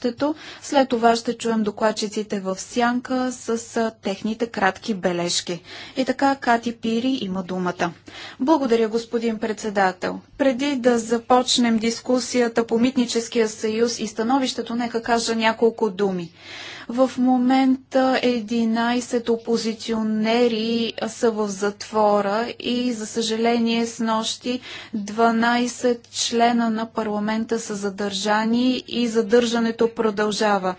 бъдещето. След това ще чуем докладчиците в сянка с техните кратки бележки. И така Кати Пири има думата. Благодаря, господин председател. Преди да започнем дискусията по Митническия съюз и становището, нека кажа няколко думи. В момента 11 опозиционери са в затвора и, за съжаление, с нощи 12 члена на парламента са задържани и задържането продължава.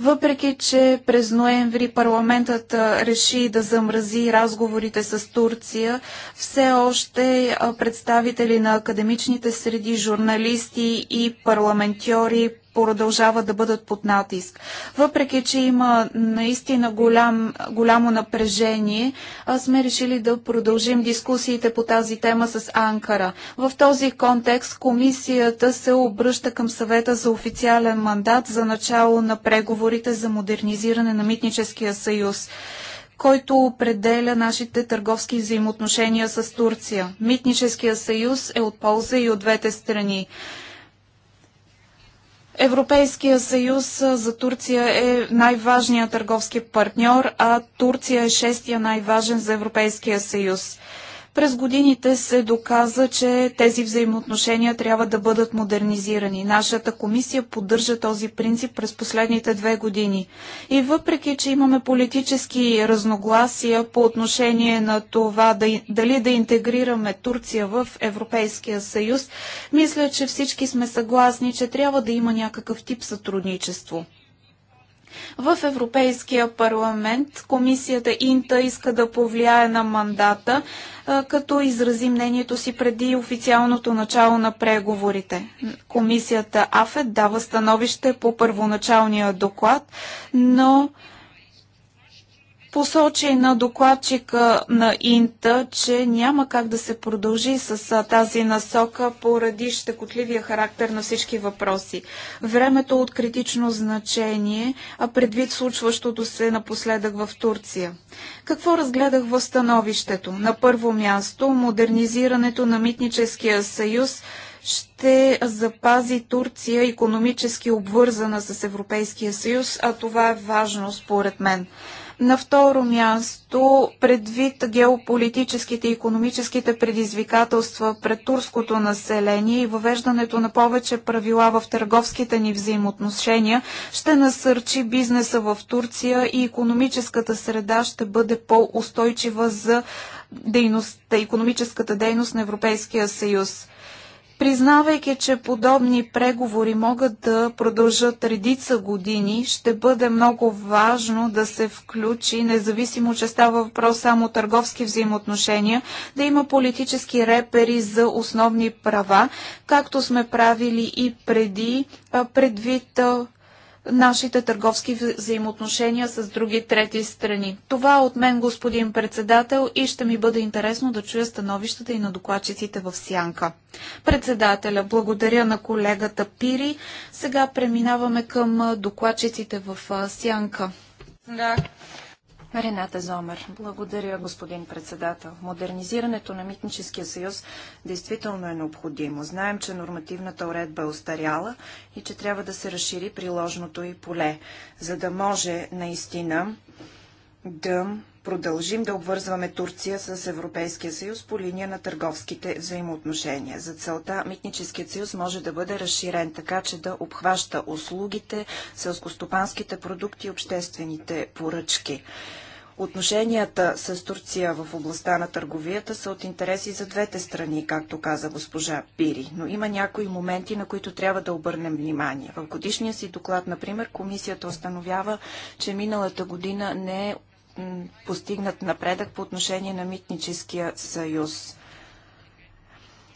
Въпреки, че през ноември парламентът реши да замрази разговорите с Турция, все още представители на академичните среди, журналисти и парламентьори продължават да бъдат под натиск. Въпреки, че има наистина голям, голямо напрежение, сме решили да продължим дискусиите по тази тема с Анкара. В този контекст комисията се обръща към съвета за официален мандат за начало на преговорите за модернизиране на митническия съюз който определя нашите търговски взаимоотношения с Турция. Митническия съюз е от полза и от двете страни. Европейския съюз за Турция е най-важният търговски партньор, а Турция е шестия най-важен за Европейския съюз. През годините се доказа, че тези взаимоотношения трябва да бъдат модернизирани. Нашата комисия поддържа този принцип през последните две години. И въпреки, че имаме политически разногласия по отношение на това да, дали да интегрираме Турция в Европейския съюз, мисля, че всички сме съгласни, че трябва да има някакъв тип сътрудничество. В Европейския парламент комисията Инта иска да повлияе на мандата, като изрази мнението си преди официалното начало на преговорите. Комисията АФЕД дава становище по първоначалния доклад, но посочи на докладчика на Инта, че няма как да се продължи с тази насока поради щекотливия характер на всички въпроси. Времето е от критично значение, а предвид случващото се напоследък в Турция. Какво разгледах в становището? На първо място, модернизирането на митническия съюз ще запази Турция економически обвързана с Европейския съюз, а това е важно според мен. На второ място, предвид геополитическите и економическите предизвикателства пред турското население и въвеждането на повече правила в търговските ни взаимоотношения, ще насърчи бизнеса в Турция и економическата среда ще бъде по-устойчива за дейност, економическата дейност на Европейския съюз признавайки, че подобни преговори могат да продължат редица години, ще бъде много важно да се включи, независимо, че става въпрос само търговски взаимоотношения, да има политически репери за основни права, както сме правили и преди, предвид нашите търговски взаимоотношения с други трети страни. Това от мен, господин председател, и ще ми бъде интересно да чуя становищата и на докладчиците в Сянка. Председателя, благодаря на колегата Пири. Сега преминаваме към докладчиците в Сянка. Да. Рената Зомер. Благодаря, господин председател. Модернизирането на Митническия съюз действително е необходимо. Знаем, че нормативната уредба е устаряла и че трябва да се разшири приложното и поле, за да може наистина да продължим да обвързваме Турция с Европейския съюз по линия на търговските взаимоотношения. За целта Митническият съюз може да бъде разширен така, че да обхваща услугите, селскостопанските продукти и обществените поръчки. Отношенията с Турция в областта на търговията са от интереси за двете страни, както каза госпожа Пири, но има някои моменти, на които трябва да обърнем внимание. В годишния си доклад, например, комисията установява, че миналата година не е постигнат напредък по отношение на митническия съюз.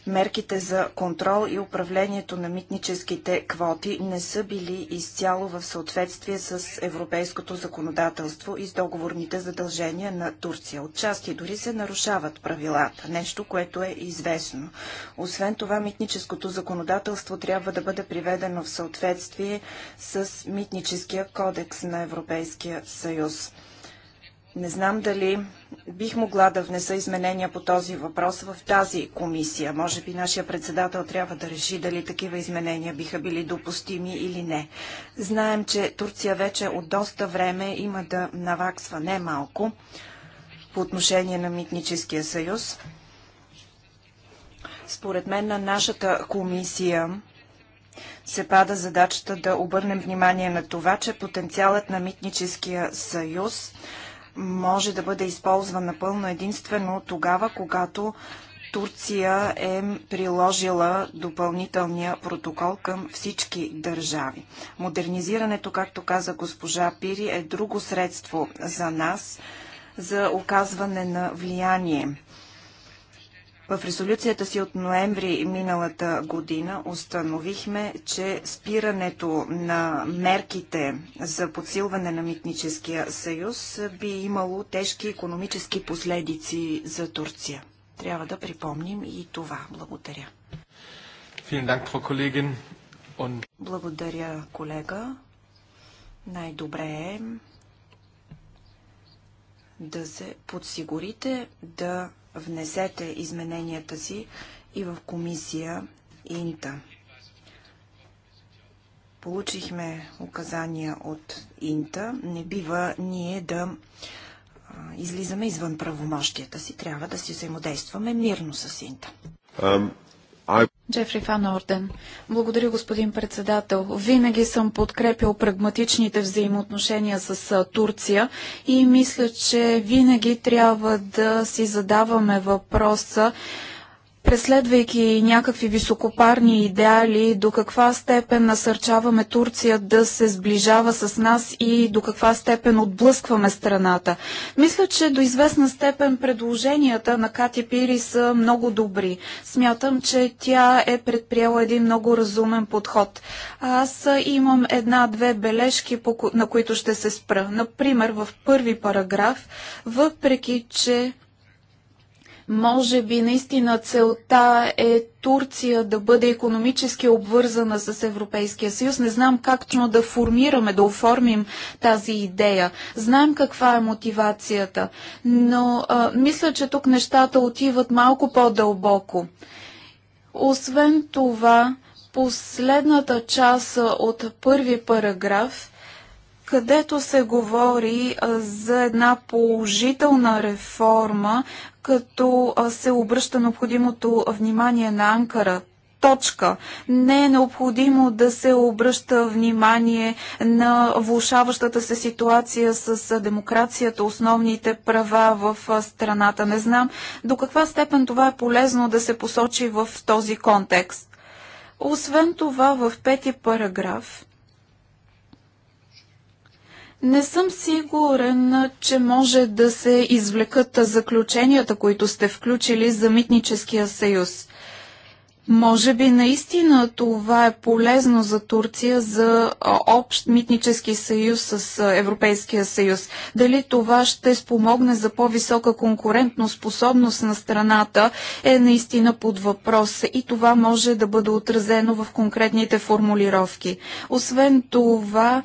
Мерките за контрол и управлението на митническите квоти не са били изцяло в съответствие с европейското законодателство и с договорните задължения на Турция. Отчасти дори се нарушават правилата, нещо, което е известно. Освен това, митническото законодателство трябва да бъде приведено в съответствие с митническия кодекс на Европейския съюз. Не знам дали бих могла да внеса изменения по този въпрос в тази комисия. Може би нашия председател трябва да реши дали такива изменения биха били допустими или не. Знаем, че Турция вече от доста време има да наваксва не малко по отношение на Митническия съюз. Според мен на нашата комисия се пада задачата да обърнем внимание на това, че потенциалът на Митническия съюз – може да бъде използван напълно единствено тогава, когато Турция е приложила допълнителния протокол към всички държави. Модернизирането, както каза госпожа Пири, е друго средство за нас за оказване на влияние в резолюцията си от ноември миналата година установихме, че спирането на мерките за подсилване на митническия съюз би имало тежки економически последици за Турция. Трябва да припомним и това. Благодаря. Благодаря, колега. Най-добре е да се подсигурите да внесете измененията си и в комисия Инта. Получихме указания от Инта. Не бива ние да излизаме извън правомощията си. Трябва да си взаимодействаме мирно с Инта. Джефри Фан Орден. Благодаря, господин председател. Винаги съм подкрепил прагматичните взаимоотношения с Турция и мисля, че винаги трябва да си задаваме въпроса преследвайки някакви високопарни идеали, до каква степен насърчаваме Турция да се сближава с нас и до каква степен отблъскваме страната. Мисля, че до известна степен предложенията на Кати Пири са много добри. Смятам, че тя е предприела един много разумен подход. Аз имам една-две бележки, на които ще се спра. Например, в първи параграф, въпреки че може би наистина целта е Турция да бъде економически обвързана с Европейския съюз. Не знам как точно да формираме, да оформим тази идея. Знаем каква е мотивацията, но а, мисля, че тук нещата отиват малко по-дълбоко. Освен това, последната част от първи параграф където се говори за една положителна реформа, като се обръща необходимото внимание на Анкара точка. Не е необходимо да се обръща внимание на влушаващата се ситуация с демокрацията, основните права в страната. Не знам до каква степен това е полезно да се посочи в този контекст. Освен това, в пети параграф не съм сигурен, че може да се извлекат заключенията, които сте включили за Митническия съюз. Може би наистина това е полезно за Турция за общ митнически съюз с Европейския съюз. Дали това ще спомогне за по-висока конкурентно способност на страната е наистина под въпрос и това може да бъде отразено в конкретните формулировки. Освен това,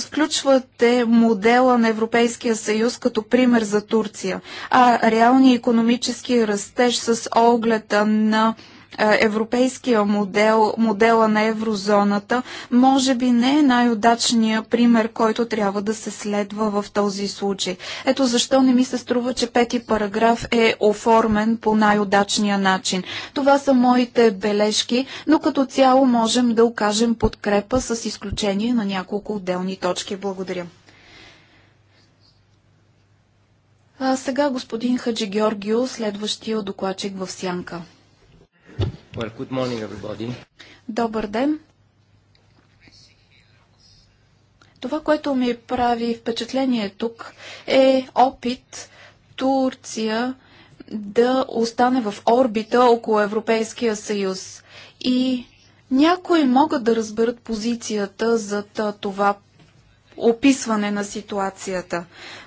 включвате модела на Европейския съюз като пример за Турция, а реалния економически растеж с оглед на е, европейския модел, модела на еврозоната, може би не е най-удачният пример, който трябва да се следва в този случай. Ето защо не ми се струва, че пети параграф е оформен по най-удачния начин. Това са моите бележки, но като цяло можем да окажем подкрепа с изключение на няколко отделни точки. Благодаря. А сега господин Хаджи Георгио, следващия докладчик в Сянка. Well, good morning, everybody. Добър ден. Това, което ми прави впечатление тук, е опит Турция да остане в орбита около Европейския съюз. И някои могат да разберат позицията за това описване на ситуацията.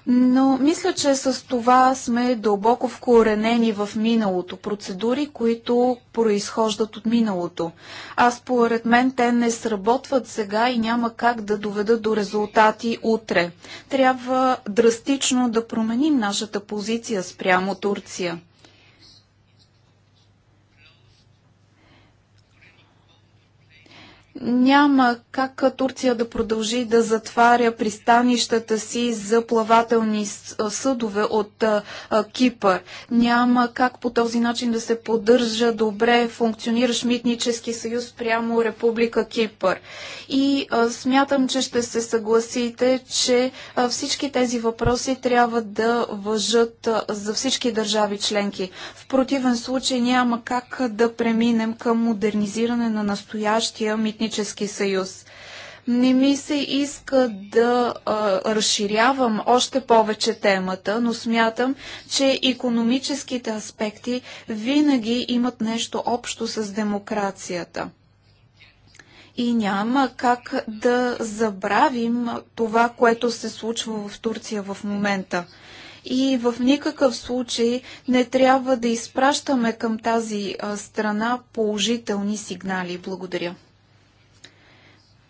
Но мисля, че с това сме дълбоко вкоренени в миналото. Процедури, които произхождат от миналото. А според мен те не сработват сега и няма как да доведат до резултати утре. Трябва драстично да променим нашата позиция спрямо Турция. Няма как Турция да продължи да затваря пристанищата си за плавателни съдове от Кипър. Няма как по този начин да се поддържа добре функциониращ митнически съюз прямо Република Кипър. И смятам, че ще се съгласите, че всички тези въпроси трябва да въжат за всички държави членки. В противен случай няма как да преминем към модернизиране на настоящия митнически етнически съюз. Не ми се иска да а, разширявам още повече темата, но смятам, че економическите аспекти винаги имат нещо общо с демокрацията. И няма как да забравим това, което се случва в Турция в момента и в никакъв случай не трябва да изпращаме към тази страна положителни сигнали. Благодаря.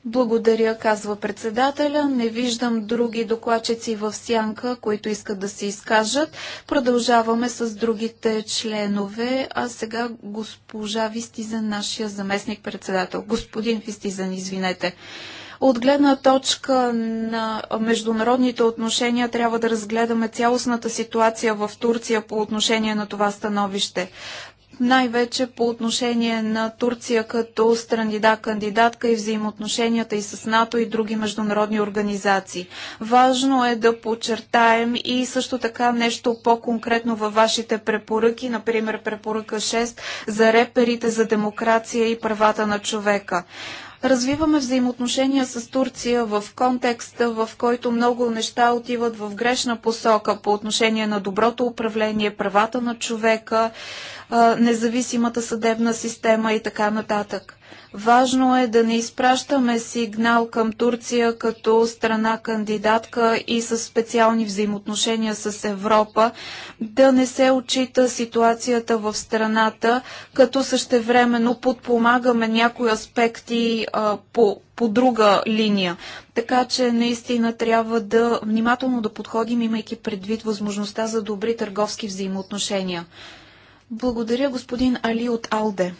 Благодаря, казва председателя. Не виждам други докладчици в сянка, които искат да се изкажат. Продължаваме с другите членове, а сега госпожа Вистизен, нашия заместник-председател. Господин Вистизен, извинете. От гледна точка на международните отношения трябва да разгледаме цялостната ситуация в Турция по отношение на това становище най-вече по отношение на Турция като да кандидатка и взаимоотношенията и с НАТО и други международни организации. Важно е да подчертаем и също така нещо по-конкретно във вашите препоръки, например препоръка 6 за реперите за демокрация и правата на човека развиваме взаимоотношения с Турция в контекста, в който много неща отиват в грешна посока по отношение на доброто управление, правата на човека, независимата съдебна система и така нататък. Важно е да не изпращаме сигнал към Турция като страна кандидатка и с специални взаимоотношения с Европа, да не се очита ситуацията в страната, като същевременно подпомагаме някои аспекти а, по, по друга линия. Така че наистина трябва да внимателно да подходим, имайки предвид възможността за добри търговски взаимоотношения. Благодаря господин Али от Алде.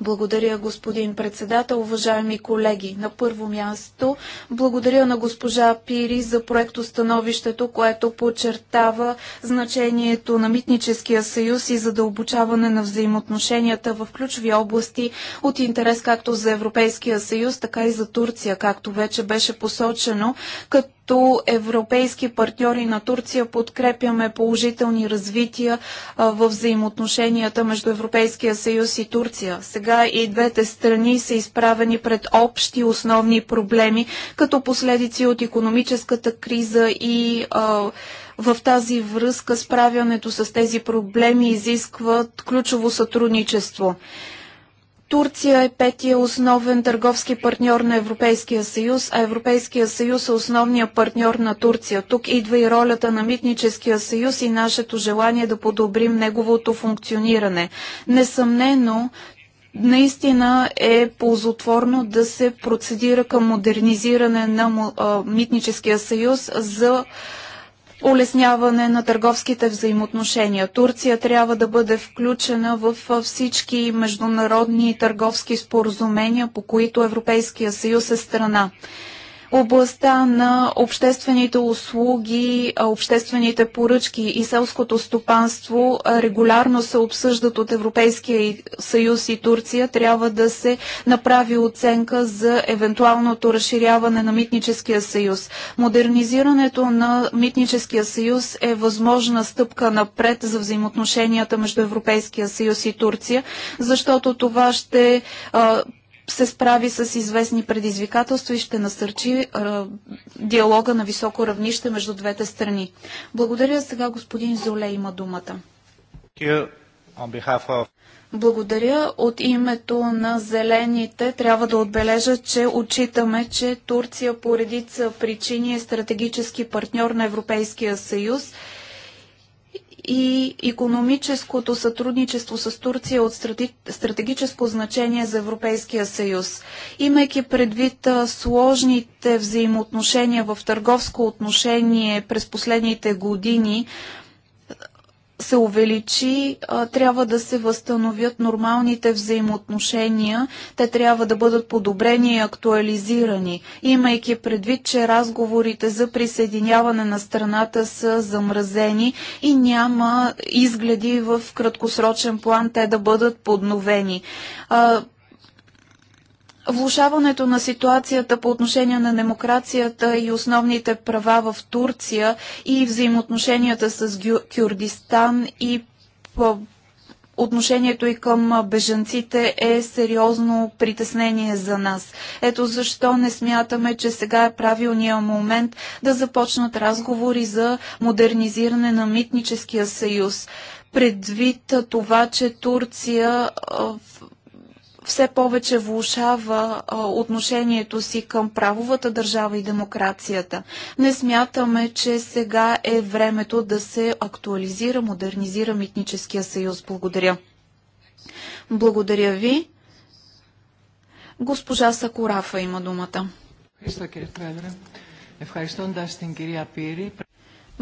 Благодаря, господин председател, уважаеми колеги. На първо място, благодаря на госпожа Пири за проектостановището, което подчертава значението на Митническия съюз и за дълбочаване на взаимоотношенията в ключови области от интерес както за Европейския съюз, така и за Турция, както вече беше посочено, като като европейски партньори на Турция подкрепяме положителни развития в взаимоотношенията между Европейския съюз и Турция. Сега и двете страни са изправени пред общи основни проблеми, като последици от економическата криза и в тази връзка справянето с тези проблеми изискват ключово сътрудничество. Турция е петия основен търговски партньор на Европейския съюз, а Европейския съюз е основният партньор на Турция. Тук идва и ролята на Митническия съюз и нашето желание да подобрим неговото функциониране. Несъмнено, наистина е ползотворно да се процедира към модернизиране на Митническия съюз за улесняване на търговските взаимоотношения. Турция трябва да бъде включена в всички международни търговски споразумения, по които Европейския съюз е страна областта на обществените услуги, обществените поръчки и селското стопанство регулярно се обсъждат от Европейския съюз и Турция. Трябва да се направи оценка за евентуалното разширяване на митническия съюз. Модернизирането на митническия съюз е възможна стъпка напред за взаимоотношенията между Европейския съюз и Турция, защото това ще се справи с известни предизвикателства и ще насърчи а, е, диалога на високо равнище между двете страни. Благодаря сега господин Золе има думата. Благодаря. От името на зелените трябва да отбележа, че отчитаме, че Турция по редица причини е стратегически партньор на Европейския съюз и економическото сътрудничество с Турция е от стратегическо значение за Европейския съюз. Имайки предвид сложните взаимоотношения в търговско отношение през последните години, се увеличи, трябва да се възстановят нормалните взаимоотношения. Те трябва да бъдат подобрени и актуализирани, имайки предвид, че разговорите за присъединяване на страната са замразени и няма изгледи в краткосрочен план те да бъдат подновени влушаването на ситуацията по отношение на демокрацията и основните права в Турция и взаимоотношенията с Кюрдистан и отношението и към бежанците е сериозно притеснение за нас. Ето защо не смятаме, че сега е правилният момент да започнат разговори за модернизиране на митническия съюз. Предвид това, че Турция все повече влушава отношението си към правовата държава и демокрацията. Не смятаме, че сега е времето да се актуализира, модернизира митническия съюз. Благодаря. Благодаря ви. Госпожа Сакурафа има думата. Ευχαριστώ κύριε Πρόεδρε.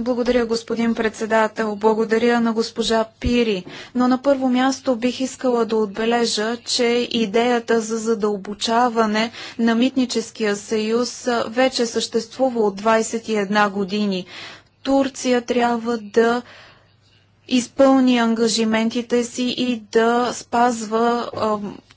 Благодаря, господин председател. Благодаря на госпожа Пири. Но на първо място бих искала да отбележа, че идеята за задълбочаване на митническия съюз вече съществува от 21 години. Турция трябва да изпълни ангажиментите си и да спазва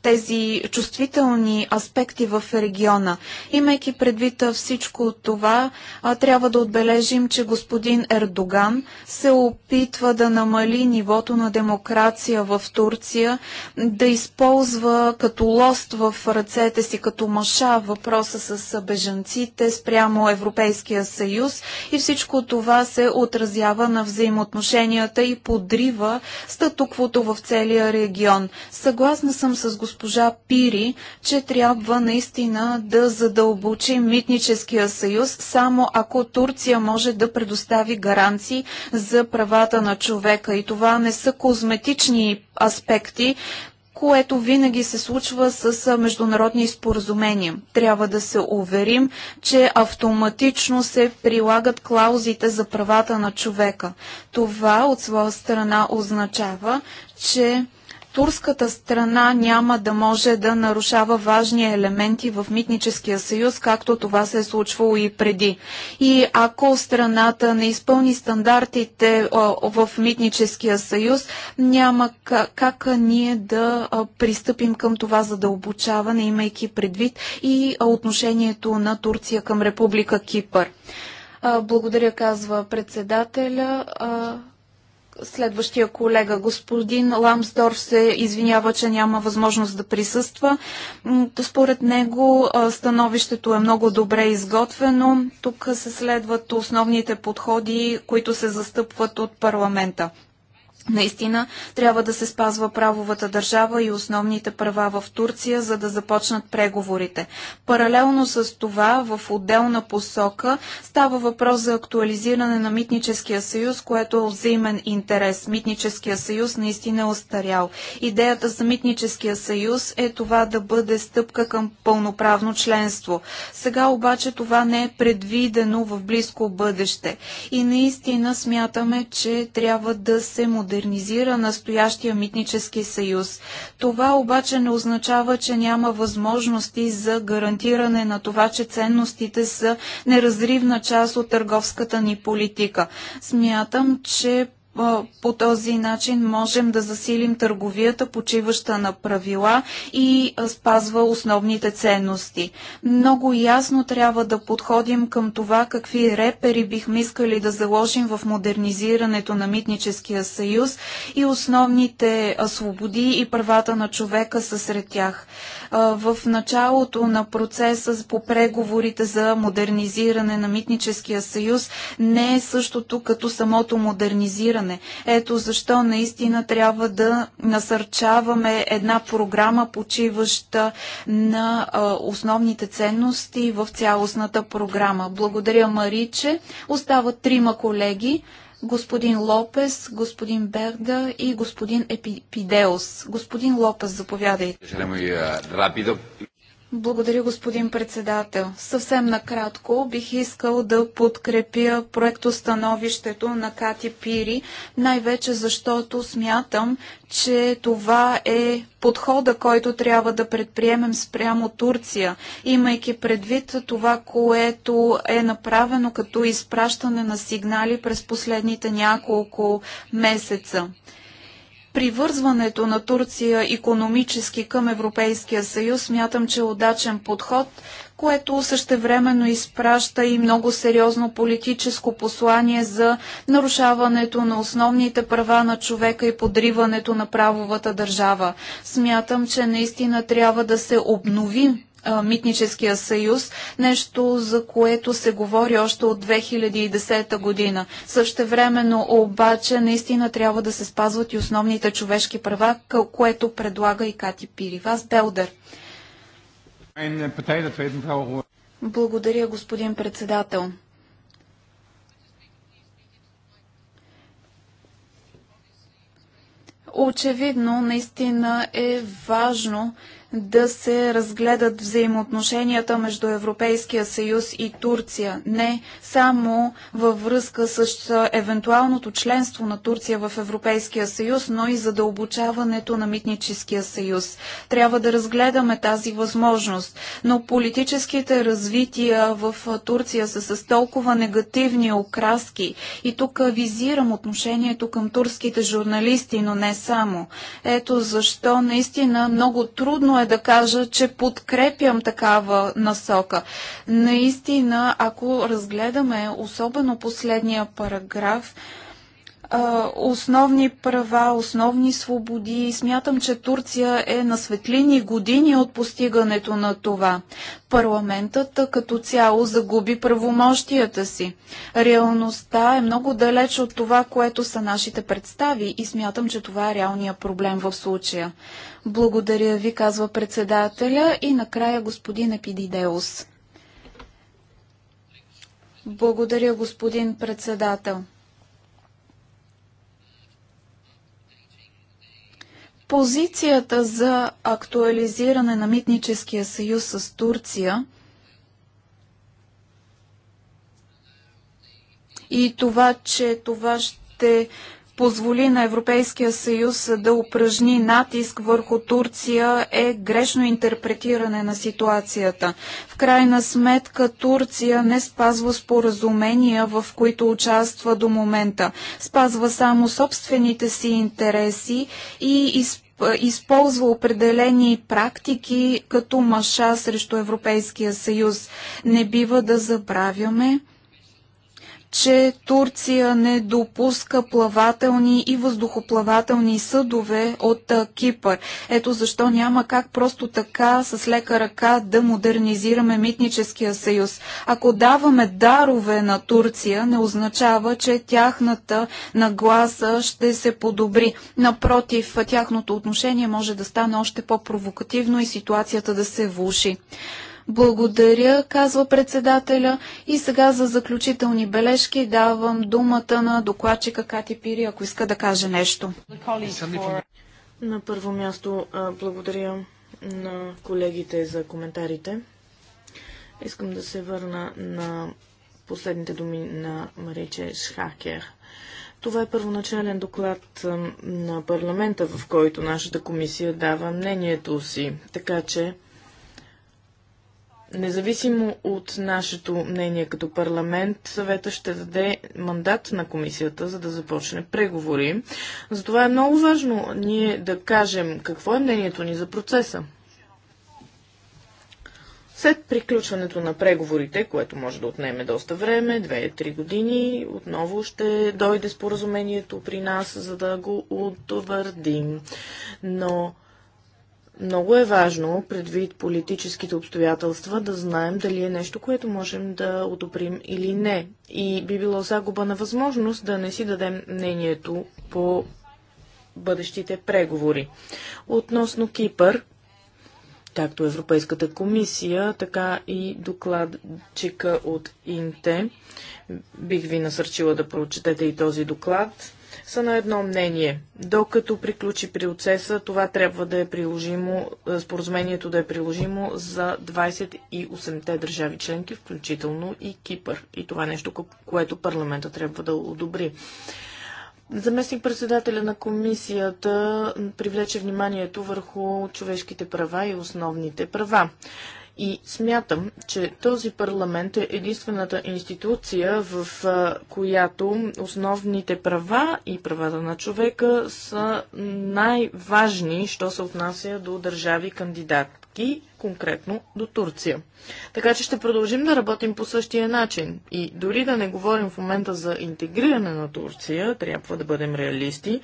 тези чувствителни аспекти в региона. Имайки предвид всичко това, трябва да отбележим, че господин Ердоган се опитва да намали нивото на демокрация в Турция, да използва като лост в ръцете си, като маша въпроса с бежанците спрямо Европейския съюз и всичко това се отразява на взаимоотношенията и подрива статуквото в целия регион. Съгласна съм с господин госпожа Пири, че трябва наистина да задълбочи митническия съюз, само ако Турция може да предостави гаранции за правата на човека. И това не са козметични аспекти, което винаги се случва с международни споразумения. Трябва да се уверим, че автоматично се прилагат клаузите за правата на човека. Това от своя страна означава, че турската страна няма да може да нарушава важни елементи в митническия съюз, както това се е случвало и преди. И ако страната не изпълни стандартите в митническия съюз, няма как, ние да пристъпим към това задълбочаване, имайки предвид и отношението на Турция към Република Кипър. Благодаря, казва председателя. Следващия колега, господин Ламсдорф, се извинява, че няма възможност да присъства. Според него становището е много добре изготвено. Тук се следват основните подходи, които се застъпват от парламента. Наистина трябва да се спазва правовата държава и основните права в Турция, за да започнат преговорите. Паралелно с това, в отделна посока, става въпрос за актуализиране на Митническия съюз, което е взаимен интерес. Митническия съюз наистина е остарял. Идеята за Митническия съюз е това да бъде стъпка към пълноправно членство. Сега обаче това не е предвидено в близко бъдеще. И наистина смятаме, че трябва да се моделира модернизира настоящия митнически съюз. Това обаче не означава, че няма възможности за гарантиране на това, че ценностите са неразривна част от търговската ни политика. Смятам, че е, по този начин можем да засилим търговията, почиваща на правила и е, спазва основните ценности. Много ясно трябва да подходим към това какви репери бихме искали да заложим в модернизирането на Митническия съюз и основните е, свободи и правата на човека са сред тях. В началото на процеса по преговорите за модернизиране на Митническия съюз не е същото като самото модернизиране финансиране. Ето защо наистина трябва да насърчаваме една програма, почиваща на основните ценности в цялостната програма. Благодаря, Мариче. Остават трима колеги господин Лопес, господин Берда и господин Епидеос. Господин Лопес, заповядайте. Благодаря, господин председател. Съвсем накратко бих искал да подкрепя проектостановището на Кати Пири, най-вече защото смятам, че това е подхода, който трябва да предприемем спрямо Турция, имайки предвид това, което е направено като изпращане на сигнали през последните няколко месеца привързването на Турция економически към Европейския съюз смятам, че е удачен подход, което същевременно изпраща и много сериозно политическо послание за нарушаването на основните права на човека и подриването на правовата държава. Смятам, че наистина трябва да се обнови митническия съюз, нещо за което се говори още от 2010 година. времено обаче наистина трябва да се спазват и основните човешки права, което предлага и Кати Пиривас Белдер. Благодаря, господин председател. Очевидно, наистина е важно да се разгледат взаимоотношенията между Европейския съюз и Турция, не само във връзка с евентуалното членство на Турция в Европейския съюз, но и дълбочаването на митническия съюз. Трябва да разгледаме тази възможност, но политическите развития в Турция са с толкова негативни окраски и тук визирам отношението към турските журналисти, но не само. Ето защо наистина много трудно е е да кажа, че подкрепям такава насока. Наистина, ако разгледаме особено последния параграф, основни права, основни свободи. Смятам, че Турция е на светлини години от постигането на това. Парламентът като цяло загуби правомощията си. Реалността е много далеч от това, което са нашите представи и смятам, че това е реалният проблем в случая. Благодаря ви, казва председателя и накрая господин Епидидеус. Благодаря, господин председател. позицията за актуализиране на митническия съюз с Турция и това, че това ще позволи на Европейския съюз да упражни натиск върху Турция е грешно интерпретиране на ситуацията. В крайна сметка Турция не спазва споразумения, в които участва до момента. Спазва само собствените си интереси и използва определени практики като маша срещу Европейския съюз. Не бива да забравяме, че Турция не допуска плавателни и въздухоплавателни съдове от Кипър. Ето защо няма как просто така с лека ръка да модернизираме митническия съюз. Ако даваме дарове на Турция, не означава, че тяхната нагласа ще се подобри. Напротив, тяхното отношение може да стане още по-провокативно и ситуацията да се влуши. Благодаря, казва председателя. И сега за заключителни бележки давам думата на докладчика Кати Пири, ако иска да каже нещо. На първо място благодаря на колегите за коментарите. Искам да се върна на последните думи на Мариче Шхакер. Това е първоначален доклад на парламента, в който нашата комисия дава мнението си. Така че Независимо от нашето мнение като парламент, съвета ще даде мандат на комисията, за да започне преговори. Затова е много важно ние да кажем какво е мнението ни за процеса. След приключването на преговорите, което може да отнеме доста време, 2-3 години, отново ще дойде споразумението при нас, за да го утвърдим. Но много е важно, предвид политическите обстоятелства, да знаем дали е нещо, което можем да одобрим или не. И би било загуба на възможност да не си дадем мнението по бъдещите преговори. Относно Кипър, както Европейската комисия, така и докладчика от Инте. Бих ви насърчила да прочетете и този доклад са на едно мнение. Докато приключи процеса, това трябва да е приложимо, е, споразумението да е приложимо за 28-те държави членки, включително и Кипър. И това е нещо, което парламента трябва да одобри. Заместник председателя на комисията привлече вниманието върху човешките права и основните права. И смятам, че този парламент е единствената институция, в която основните права и правата на човека са най-важни, що се отнася до държави кандидат и конкретно до Турция. Така че ще продължим да работим по същия начин. И дори да не говорим в момента за интегриране на Турция, трябва да бъдем реалисти.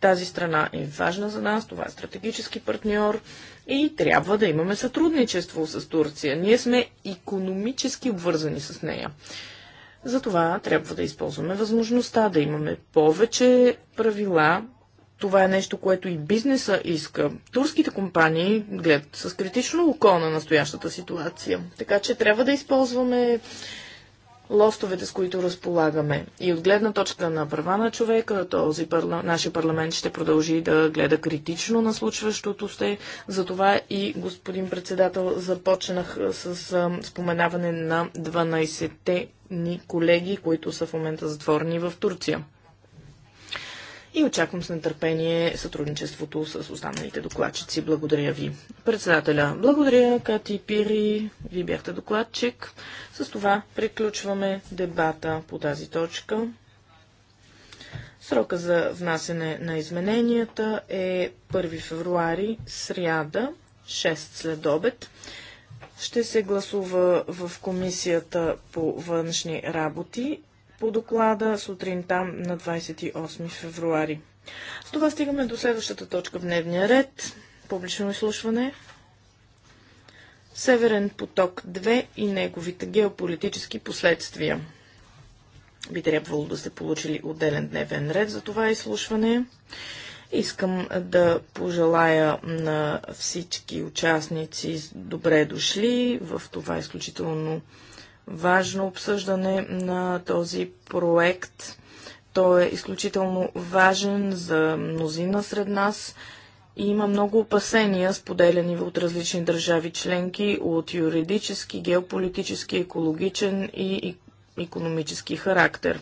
Тази страна е важна за нас, това е стратегически партньор и трябва да имаме сътрудничество с Турция. Ние сме економически обвързани с нея. Затова трябва да използваме възможността да имаме повече правила, това е нещо, което и бизнеса иска. Турските компании гледат с критично око на настоящата ситуация. Така че трябва да използваме лостовете, с които разполагаме. И от гледна точка на права на човека, този парла... нашия парламент ще продължи да гледа критично на случващото се. Затова и господин председател започнах с а, споменаване на 12-те ни колеги, които са в момента затворени в Турция и очаквам с нетърпение сътрудничеството с останалите докладчици. Благодаря ви. Председателя, благодаря, Кати Пири, ви бяхте докладчик. С това приключваме дебата по тази точка. Срока за внасене на измененията е 1 февруари, сряда, 6 след обед. Ще се гласува в комисията по външни работи по доклада сутринта на 28 февруари. С това стигаме до следващата точка в дневния ред. Публично изслушване. Северен поток 2 и неговите геополитически последствия. Би трябвало да сте получили отделен дневен ред за това изслушване. Искам да пожелая на всички участници добре дошли в това изключително важно обсъждане на този проект. Той е изключително важен за мнозина сред нас и има много опасения, споделяни от различни държави членки, от юридически, геополитически, екологичен и економически характер.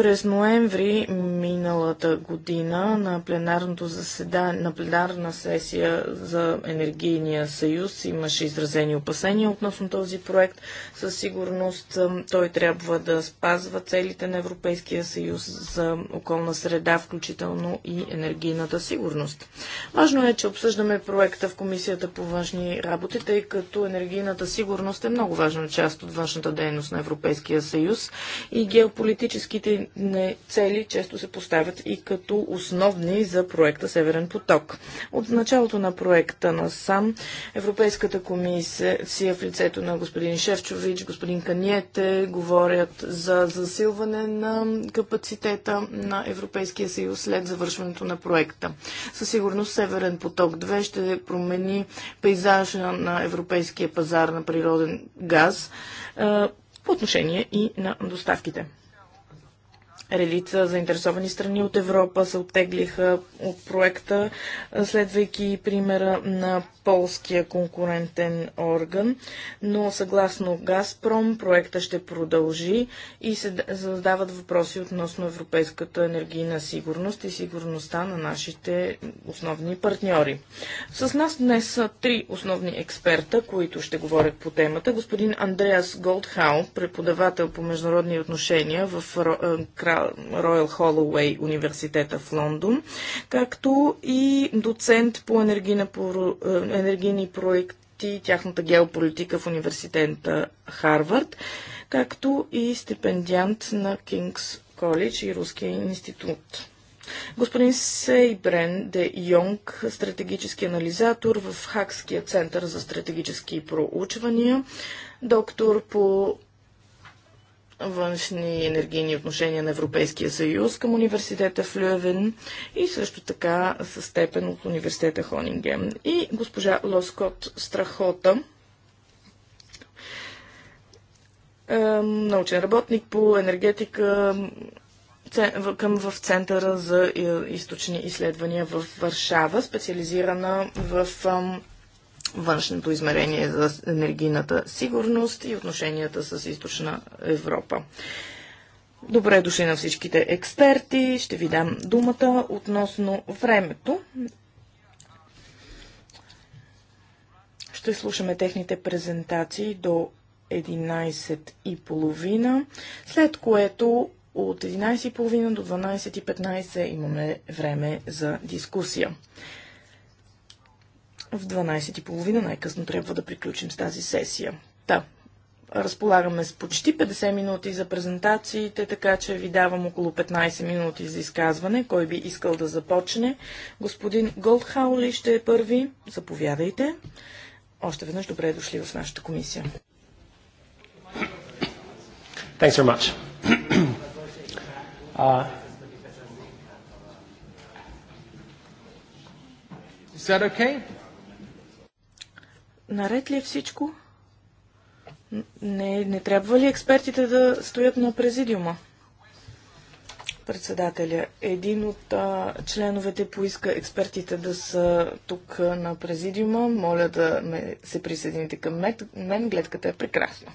През ноември миналата година на пленарното заседание, на пленарна сесия за енергийния съюз имаше изразени опасения относно този проект. Със сигурност той трябва да спазва целите на Европейския съюз за околна среда, включително и енергийната сигурност. Важно е, че обсъждаме проекта в Комисията по външни работи, тъй като енергийната сигурност е много важна част от външната дейност на Европейския съюз и геополитическите цели често се поставят и като основни за проекта Северен поток. От началото на проекта на сам Европейската комисия в лицето на господин Шевчович, господин Каниете говорят за засилване на капацитета на Европейския съюз след завършването на проекта. Със сигурност Северен поток 2 ще промени пейзажа на европейския пазар на природен газ по отношение и на доставките. Редица заинтересовани страни от Европа се оттеглиха от проекта, следвайки примера на полския конкурентен орган, но съгласно Газпром проекта ще продължи и се задават въпроси относно европейската енергийна сигурност и сигурността на нашите основни партньори. С нас днес са три основни експерта, които ще говорят по темата. Господин Андреас Голдхау, преподавател по международни отношения в е, Крал Royal Holloway университета в Лондон, както и доцент по е, енергийни проекти и тяхната геополитика в университета Харвард, както и стипендиант на Кингс Коледж и Руския институт. Господин Сейбрен де Йонг, стратегически анализатор в Хакския център за стратегически проучвания, доктор по външни енергийни отношения на Европейския съюз към университета в Лювен и също така със степен от университета Хонингем. И госпожа Лоскот Страхота, научен работник по енергетика към в Центъра за източни изследвания в Варшава, специализирана в външното измерение за енергийната сигурност и отношенията с източна Европа. Добре дошли на всичките експерти. Ще ви дам думата относно времето. Ще слушаме техните презентации до 11.30, след което от 11.30 до 12.15 имаме време за дискусия в 12.30 най-късно трябва да приключим с тази сесия. Та, да, разполагаме с почти 50 минути за презентациите, така че ви давам около 15 минути за изказване. Кой би искал да започне? Господин Голдхаули ще е първи. Заповядайте. Още веднъж добре е дошли в нашата комисия. Thanks very much. uh, Is that okay? Наред ли е всичко? Не, не трябва ли експертите да стоят на президиума? Председателя, един от а, членовете поиска експертите да са тук на президиума. Моля да ме, се присъедините към мен. мен. Гледката е прекрасна.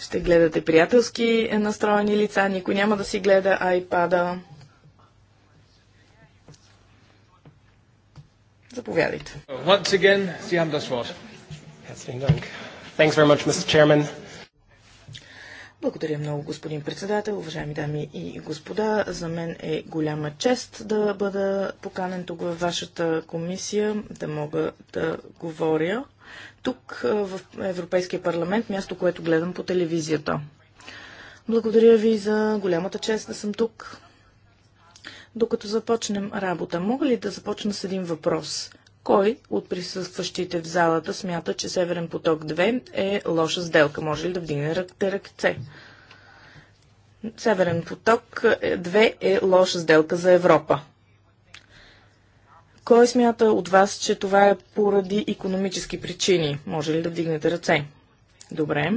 Ще гледате приятелски настроени лица. Никой няма да си гледа айпада. Заповядайте. Благодаря много, господин председател. Уважаеми дами и господа, за мен е голяма чест да бъда поканен тук във вашата комисия, да мога да говоря тук в Европейския парламент, място, което гледам по телевизията. Благодаря ви за голямата чест да съм тук докато започнем работа. Мога ли да започна с един въпрос? Кой от присъстващите в залата смята, че Северен поток 2 е лоша сделка? Може ли да вдигне ръкце? Северен поток 2 е, е лоша сделка за Европа. Кой смята от вас, че това е поради економически причини? Може ли да вдигнете ръце? Добре.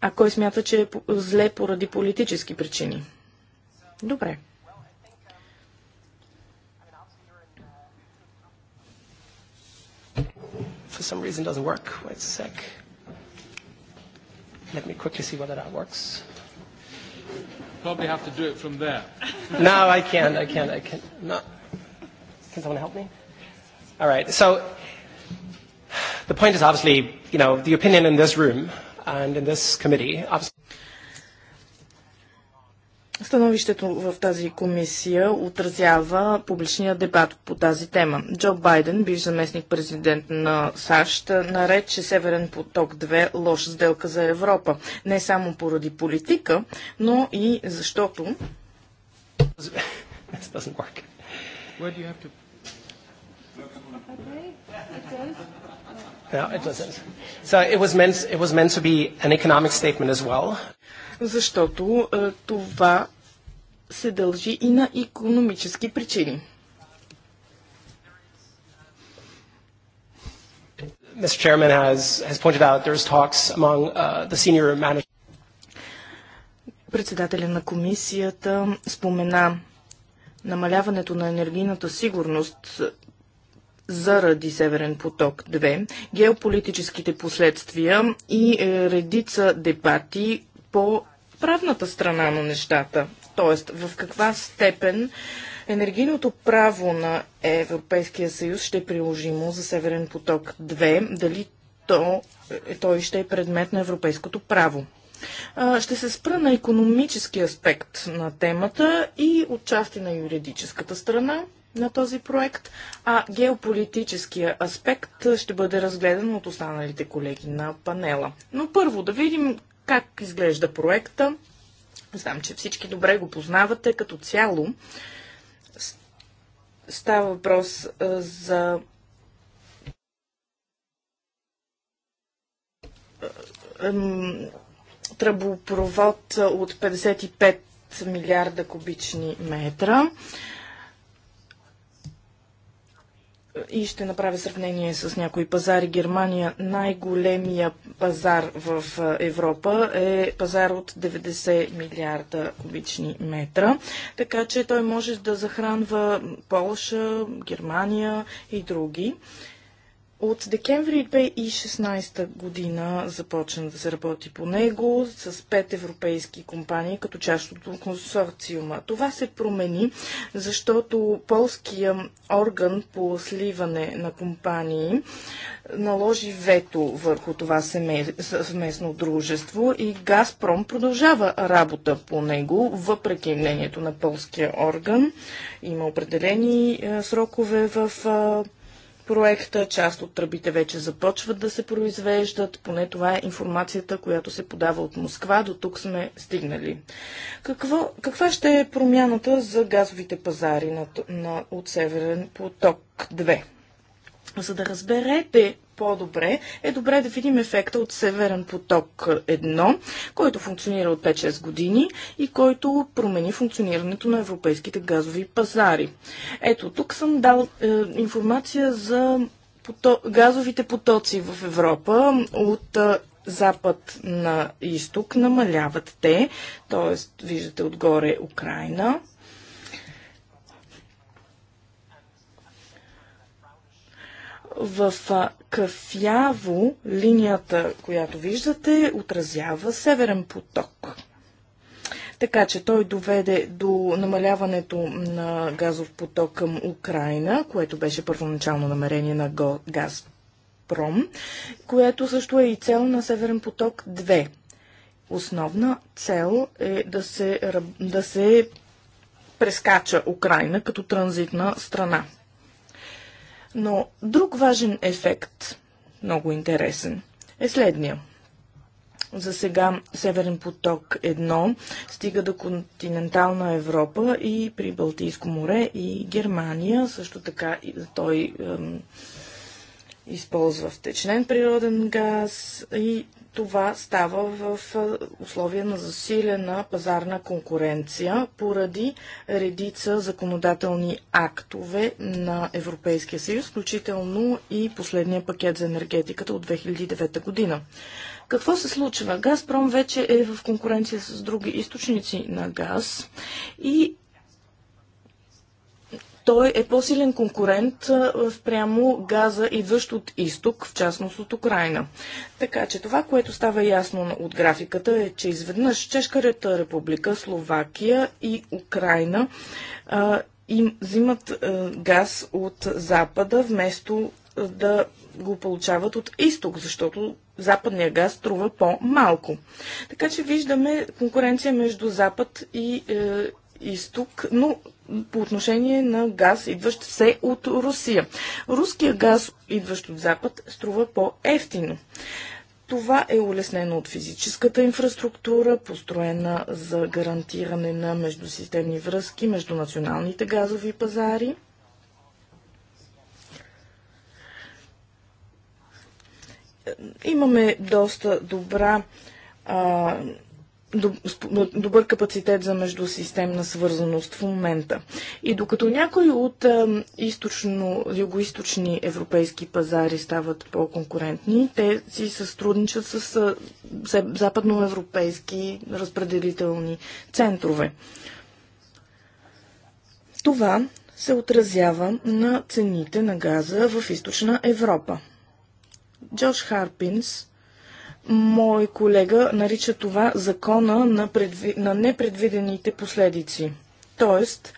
А кой смята, че е зле поради политически причини? Добре. for some reason doesn't work. Wait a sec. Let me quickly see whether that works. Probably have to do it from there. no, I can't. I can't. I can't. No. Can someone help me? All right. So the point is obviously, you know, the opinion in this room and in this committee. Obviously Становището в тази комисия отразява публичния дебат по тази тема. Джо Байден, бивш заместник президент на САЩ, нарече Северен поток 2 лоша сделка за Европа. Не само поради политика, но и защото... it was meant to be an economic statement as well защото е, това се дължи и на економически причини. Uh, Председателя на комисията спомена намаляването на енергийната сигурност заради Северен поток 2, геополитическите последствия и е, редица дебати, по правната страна на нещата. т.е. в каква степен енергийното право на Европейския съюз ще е приложимо за Северен поток 2, дали то, е, той ще е предмет на европейското право. Ще се спра на економически аспект на темата и отчасти на юридическата страна на този проект, а геополитическия аспект ще бъде разгледан от останалите колеги на панела. Но първо да видим как изглежда проекта. Знам, че всички добре го познавате като цяло. Става въпрос за тръбопровод от 55 милиарда кубични метра и ще направя сравнение с някои пазари. Германия, най-големия пазар в Европа е пазар от 90 милиарда кубични метра, така че той може да захранва Полша, Германия и други. От декември 2016 година започна да се работи по него с пет европейски компании като част от консорциума. Това се промени, защото полския орган по сливане на компании наложи вето върху това съвместно дружество и Газпром продължава работа по него, въпреки мнението на полския орган. Има определени е, срокове в е, проекта, част от тръбите вече започват да се произвеждат, поне това е информацията, която се подава от Москва, до тук сме стигнали. Какво, каква ще е промяната за газовите пазари на, на, от Северен поток 2? За да разберете по-добре, е добре да видим ефекта от Северен поток 1, който функционира от 5-6 години и който промени функционирането на европейските газови пазари. Ето, тук съм дал е, информация за газовите потоци в Европа от е, запад на изток намаляват те, т.е. виждате отгоре Украина, В кафяво линията, която виждате, отразява Северен поток. Така че той доведе до намаляването на газов поток към Украина, което беше първоначално намерение на Газпром, което също е и цел на Северен поток 2. Основна цел е да се, да се прескача Украина като транзитна страна. Но друг важен ефект, много интересен, е следния. За сега Северен поток 1 стига до континентална Европа и при Балтийско море и Германия. Също така той е, използва втечнен природен газ и това става в условия на засилена пазарна конкуренция поради редица законодателни актове на Европейския съюз, включително и последния пакет за енергетиката от 2009 година. Какво се случва? Газпром вече е в конкуренция с други източници на газ и той е по-силен конкурент спрямо газа, идващ от изток, в частност от Украина. Така че това, което става ясно от графиката е, че изведнъж Чешката република, Словакия и Украина а, им взимат а, газ от Запада, вместо да го получават от изток, защото западния газ струва по-малко. Така че виждаме конкуренция между запад и е, изток, но по отношение на газ, идващ все от Русия. Руския газ, идващ от Запад, струва по-ефтино. Това е улеснено от физическата инфраструктура, построена за гарантиране на междусистемни връзки между националните газови пазари. Имаме доста добра а, добър капацитет за междусистемна свързаност в момента. И докато някои от източно, югоисточни европейски пазари стават по-конкурентни, те си сътрудничат с западноевропейски разпределителни центрове. Това се отразява на цените на газа в източна Европа. Джош Харпинс Мой колега нарича това закона на, предви... на непредвидените последици. Тоест,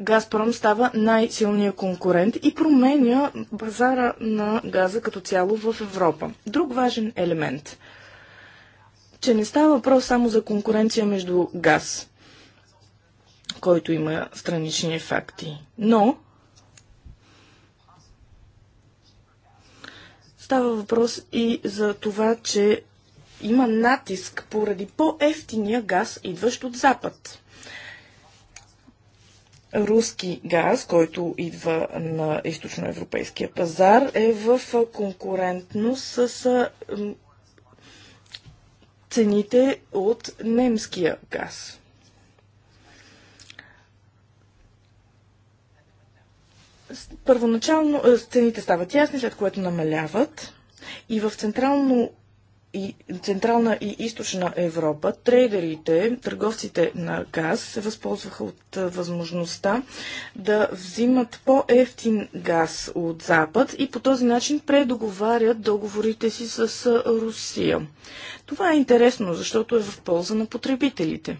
Газпром става най-силният конкурент и променя пазара на газа като цяло в Европа. Друг важен елемент, че не става въпрос само за конкуренция между газ, който има странични факти, но Става въпрос и за това, че има натиск поради по-ефтиния газ, идващ от Запад. Руски газ, който идва на източноевропейския пазар, е в конкурентност с цените от немския газ. Първоначално цените е, стават ясни, след което намаляват. И в централно и Централна и Източна Европа, трейдерите, търговците на газ се възползваха от е, възможността да взимат по-ефтин газ от Запад и по този начин предоговарят договорите си с е, Русия. Това е интересно, защото е в полза на потребителите.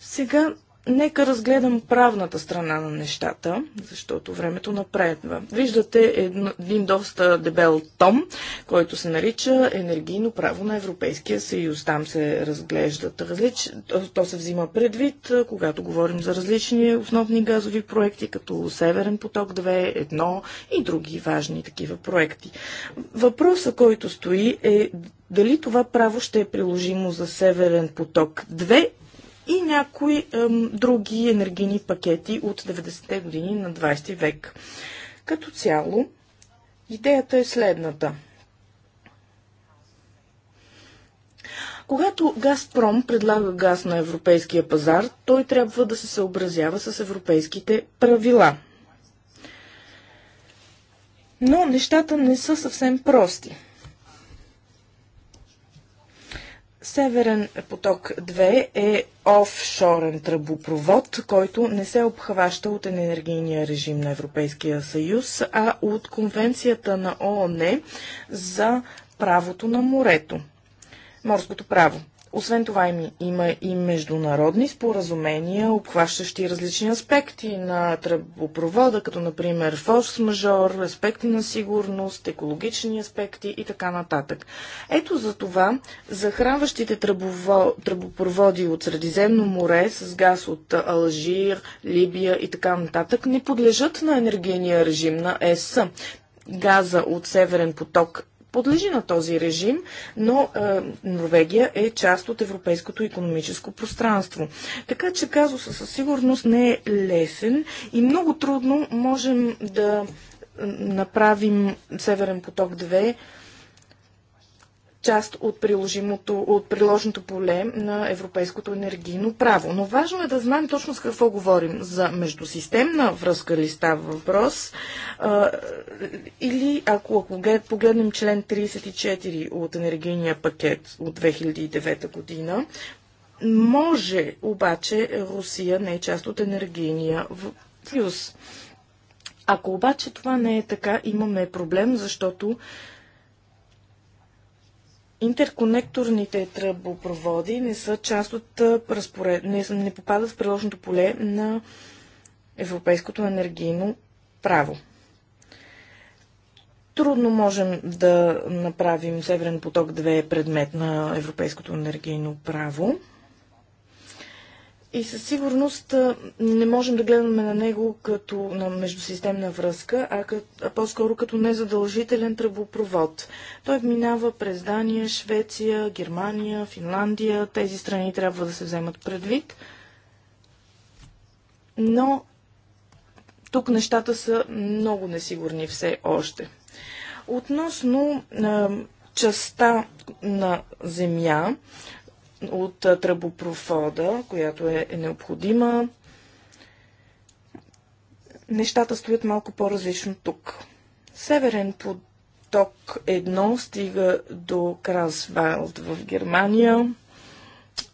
Сега Нека разгледам правната страна на нещата, защото времето напредва. Виждате един доста дебел том, който се нарича Енергийно право на Европейския съюз. Там се разглеждат различ... То се взима предвид, когато говорим за различни основни газови проекти, като Северен поток 2, едно и други важни такива проекти. Въпросът, който стои е дали това право ще е приложимо за Северен поток 2 и някои ем, други енергийни пакети от 90-те години на 20 век. Като цяло, идеята е следната. Когато Газпром предлага газ на европейския пазар, той трябва да се съобразява с европейските правила. Но нещата не са съвсем прости. Северен поток 2 е офшорен тръбопровод, който не се обхваща от енергийния режим на Европейския съюз, а от Конвенцията на ООН за правото на морето. Морското право. Освен това има и международни споразумения, обхващащи различни аспекти на тръбопровода, като например форс-мажор, аспекти на сигурност, екологични аспекти и така нататък. Ето за това захранващите тръбово... тръбопроводи от Средиземно море с газ от Алжир, Либия и така нататък не подлежат на енергийния режим на ЕС газа от Северен поток подлежи на този режим, но е, Норвегия е част от европейското економическо пространство. Така че казуса със сигурност не е лесен и много трудно можем да е, направим Северен поток 2 част от, приложимото, от приложното поле на европейското енергийно право. Но важно е да знаем точно с какво говорим. За междусистемна връзка ли става въпрос? А, или ако, ако погледнем член 34 от енергийния пакет от 2009 година, може обаче Русия не е част от енергийния съюз. Ако обаче това не е така, имаме проблем, защото Интерконекторните тръбопроводи не са част от разпоред... не, не попадат в приложното поле на европейското енергийно право. Трудно можем да направим Северен поток 2 предмет на европейското енергийно право. И със сигурност не можем да гледаме на него като на междусистемна връзка, а, като, а по-скоро като незадължителен тръбопровод. Той минава през Дания, Швеция, Германия, Финландия. Тези страни трябва да се вземат предвид. Но тук нещата са много несигурни все още. Относно частта на земя, от тръбопровода, която е, е необходима. Нещата стоят малко по-различно тук. Северен поток 1 стига до Красвайлд в Германия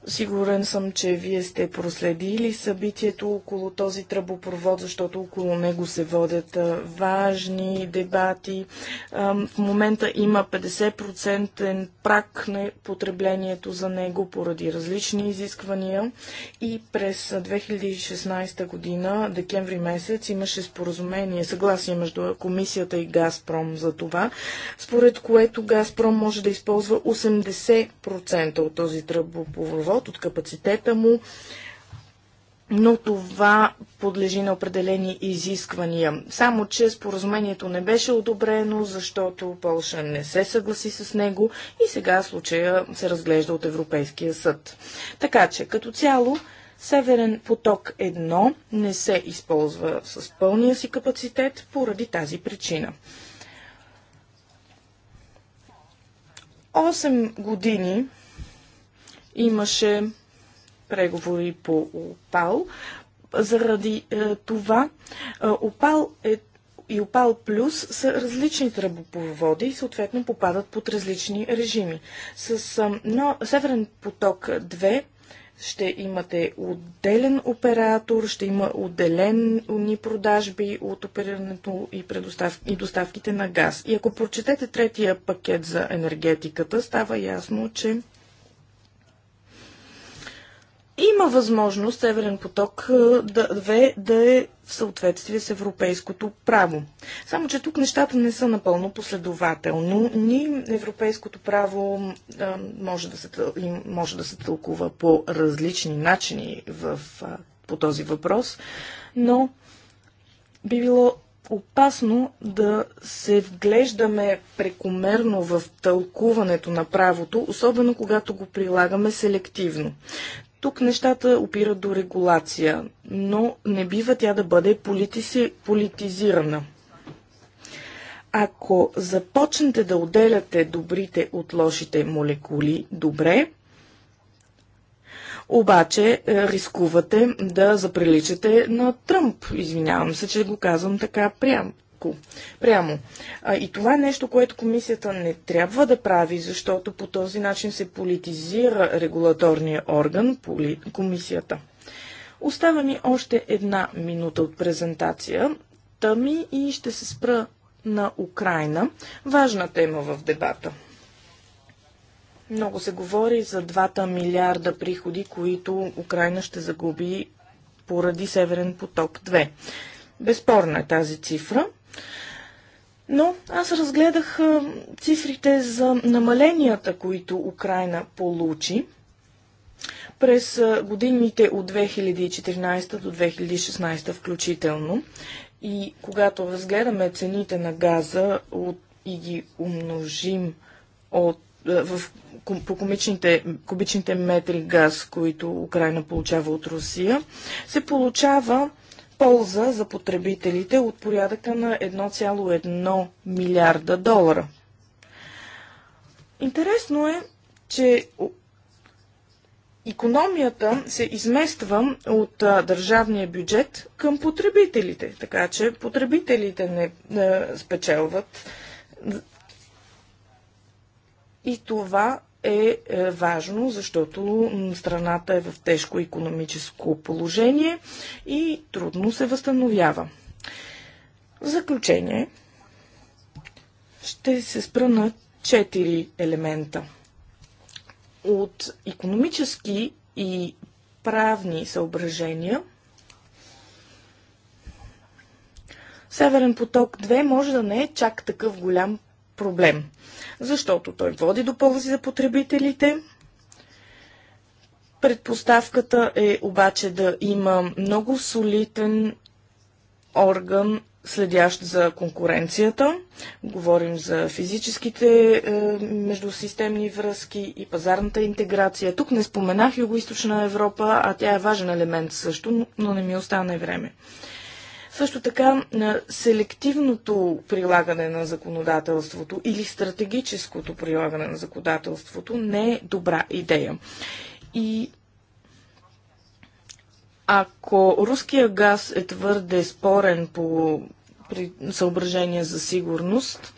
Сигурен съм, че вие сте проследили събитието около този тръбопровод, защото около него се водят важни дебати. В момента има 50% прак на потреблението за него поради различни изисквания и през 2016 година, декември месец, имаше споразумение, съгласие между комисията и Газпром за това, според което Газпром може да използва 80% от този тръбопровод завод, от капацитета му, но това подлежи на определени изисквания. Само, че споразумението не беше одобрено, защото Полша не се съгласи с него и сега случая се разглежда от Европейския съд. Така че, като цяло, Северен поток 1 не се използва с пълния си капацитет поради тази причина. 8 години имаше преговори по ОПАЛ. Заради е, това е, ОПАЛ е и Опал Плюс са различни тръбопроводи и съответно попадат под различни режими. С е, но, Северен поток 2 ще имате отделен оператор, ще има отделени продажби от оперирането и, предостав... и доставките на газ. И ако прочетете третия пакет за енергетиката, става ясно, че има възможност Северен поток 2 да е в съответствие с европейското право. Само, че тук нещата не са напълно последователно. Ни европейското право а, може, да се, може да се тълкува по различни начини в, а, по този въпрос, но би било опасно да се вглеждаме прекомерно в тълкуването на правото, особено когато го прилагаме селективно. Тук нещата опират до регулация, но не бива тя да бъде политиси, политизирана. Ако започнете да отделяте добрите от лошите молекули, добре, обаче е, рискувате да заприличате на Тръмп. Извинявам се, че го казвам така прям, пряко, прямо. А, и това е нещо, което комисията не трябва да прави, защото по този начин се политизира регулаторния орган, поли, комисията. Остава ми още една минута от презентация. Тъми и ще се спра на Украина. Важна тема в дебата. Много се говори за 2 милиарда приходи, които Украина ще загуби поради Северен поток 2. Безспорна е тази цифра. Но аз разгледах цифрите за намаленията, които Украина получи през годините от 2014 до 2016 включително. И когато разгледаме цените на газа от, и ги умножим от, в, по кубичните, кубичните метри газ, които Украина получава от Русия, се получава полза за потребителите от порядъка на 1,1 милиарда долара. Интересно е, че Икономията се измества от а, държавния бюджет към потребителите, така че потребителите не, не спечелват. И това е, е важно, защото страната е в тежко економическо положение и трудно се възстановява. В заключение ще се спра на четири елемента. От економически и правни съображения Северен поток 2 може да не е чак такъв голям проблем, защото той води до ползи за потребителите. Предпоставката е обаче да има много солитен орган, следящ за конкуренцията. Говорим за физическите е, междусистемни връзки и пазарната интеграция. Тук не споменах Юго-Источна Европа, а тя е важен елемент също, но не ми остане време. Също така на селективното прилагане на законодателството или стратегическото прилагане на законодателството не е добра идея. И ако руския газ е твърде спорен по съображения за сигурност,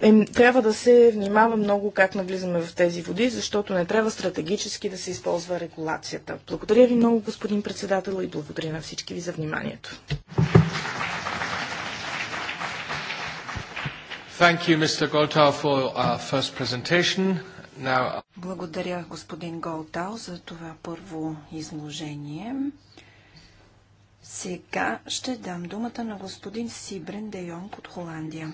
е, трябва да се внимава много как навлизаме в тези води, защото не трябва стратегически да се използва регулацията. Благодаря ви много, господин председател, и благодаря на всички ви за вниманието. Thank you, Mr. Goltau, for our first presentation. Now... Uh, благодаря, господин Голтау, за това първо изложение. Сега ще дам думата на господин Сибрен Де Йонг от Холандия.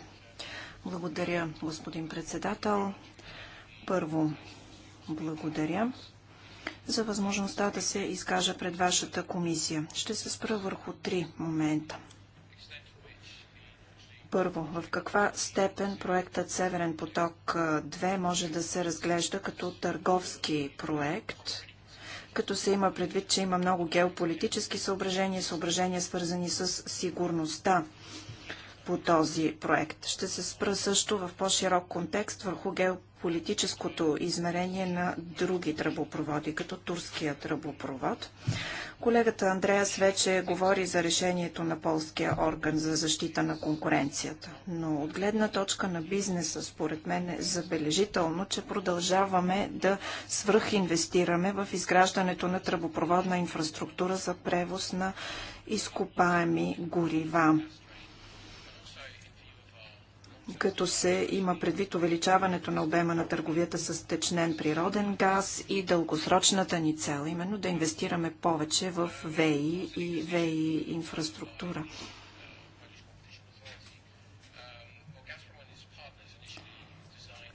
Благодаря, господин председател. Първо, благодаря за възможността да се изкажа пред вашата комисия. Ще се спра върху три момента. Първо, в каква степен проектът Северен поток 2 може да се разглежда като търговски проект, като се има предвид, че има много геополитически съображения, съображения свързани с сигурността по този проект. Ще се спра също в по-широк контекст върху геополитическото измерение на други тръбопроводи, като турския тръбопровод. Колегата Андреас вече говори за решението на полския орган за защита на конкуренцията, но от гледна точка на бизнеса, според мен е забележително, че продължаваме да свръхинвестираме в изграждането на тръбопроводна инфраструктура за превоз на изкопаеми горива като се има предвид увеличаването на обема на търговията с течнен природен газ и дългосрочната ни цел, именно да инвестираме повече в ВЕИ и ВЕИ инфраструктура.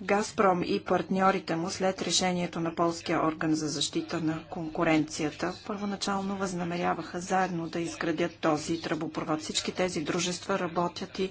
Газпром и партньорите му след решението на полския орган за защита на конкуренцията първоначално възнамеряваха заедно да изградят този тръбопровод. Всички тези дружества работят и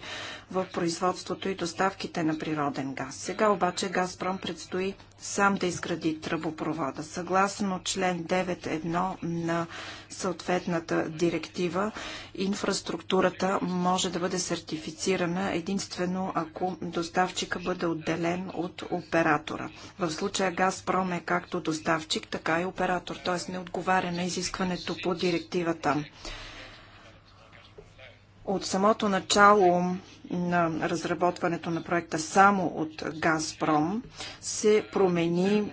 в производството и доставките на природен газ. Сега обаче Газпром предстои сам да изгради тръбопровода. Съгласно член 9.1 на съответната директива, инфраструктурата може да бъде сертифицирана единствено ако доставчика бъде отделен от оператора. В случая Газпром е както доставчик, така и оператор, т.е. не отговаря на изискването по директивата. От самото начало на разработването на проекта само от Газпром се промени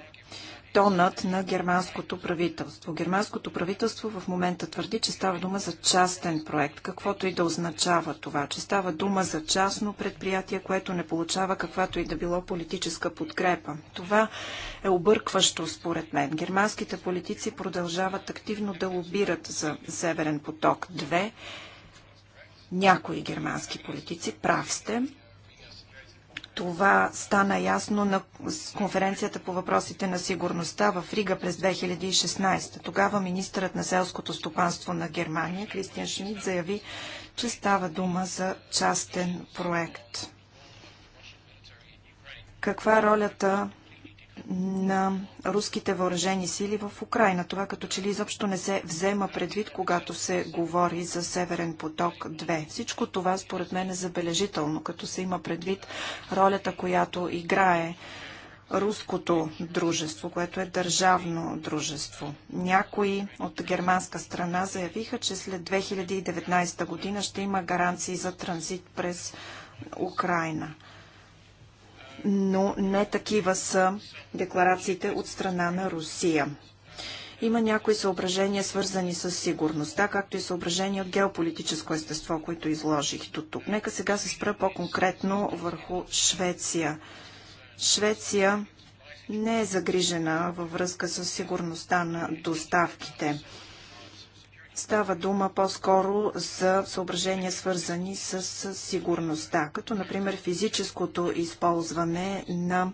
тонът на германското правителство. Германското правителство в момента твърди, че става дума за частен проект, каквото и да означава това, че става дума за частно предприятие, което не получава каквато и да било политическа подкрепа. Това е объркващо според мен. Германските политици продължават активно да лобират за Северен поток 2 някои германски политици. Прав сте. Това стана ясно на конференцията по въпросите на сигурността в Рига през 2016. Тогава министърът на селското стопанство на Германия Кристиан Шмидт заяви, че става дума за частен проект. Каква е ролята на руските въоръжени сили в Украина. Това като че ли изобщо не се взема предвид, когато се говори за Северен поток 2. Всичко това според мен е забележително, като се има предвид ролята, която играе руското дружество, което е държавно дружество. Някои от германска страна заявиха, че след 2019 година ще има гаранции за транзит през Украина но не такива са декларациите от страна на Русия. Има някои съображения, свързани с сигурността, както и съображения от геополитическо естество, които изложих до тук. Нека сега се спра по-конкретно върху Швеция. Швеция не е загрижена във връзка с сигурността на доставките. Става дума по-скоро за съображения свързани с сигурността, като например физическото използване на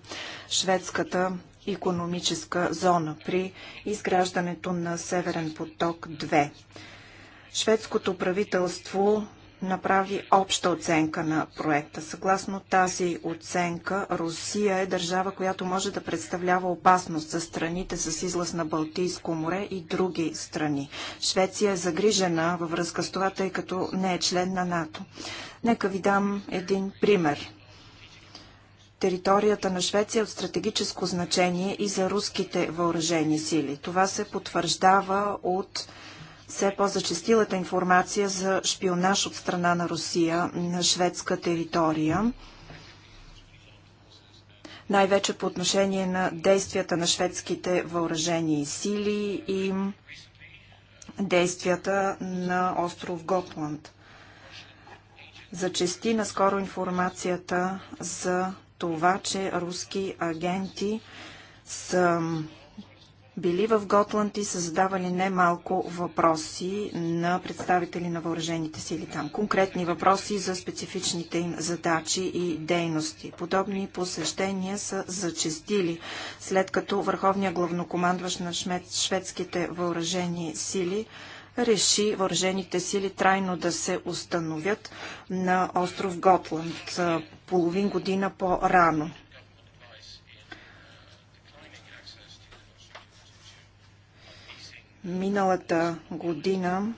шведската економическа зона при изграждането на Северен поток 2. Шведското правителство направи обща оценка на проекта. Съгласно тази оценка, Русия е държава, която може да представлява опасност за страните с излъз на Балтийско море и други страни. Швеция е загрижена във връзка с това, тъй като не е член на НАТО. Нека ви дам един пример територията на Швеция е от стратегическо значение и за руските въоръжени сили. Това се потвърждава от все по-зачастилата информация за шпионаж от страна на Русия на шведска територия най-вече по отношение на действията на шведските въоръжени сили и действията на остров Готланд. Зачести наскоро информацията за това, че руски агенти са били в Готланд и са задавали немалко въпроси на представители на въоръжените сили там. Конкретни въпроси за специфичните им задачи и дейности. Подобни посещения са зачестили, след като върховният главнокомандващ на шведските въоръжени сили реши въоръжените сили трайно да се установят на остров Готланд половин година по-рано. Миналата година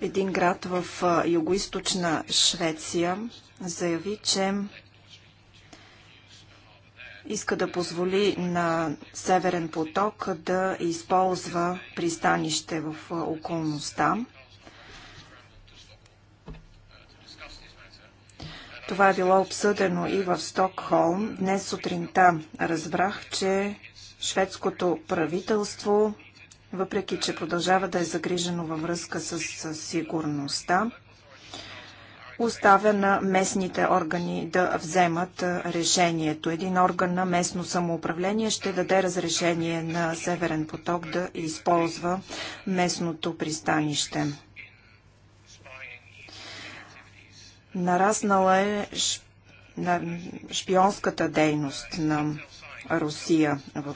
един град в югоизточна Швеция заяви, че иска да позволи на Северен поток да използва пристанище в околността. Това е било обсъдено и в Стокхолм. Днес сутринта разбрах, че шведското правителство, въпреки че продължава да е загрижено във връзка с, сигурността, оставя на местните органи да вземат решението. Един орган на местно самоуправление ще даде разрешение на Северен поток да използва местното пристанище. Нараснала е шпионската дейност на Русия в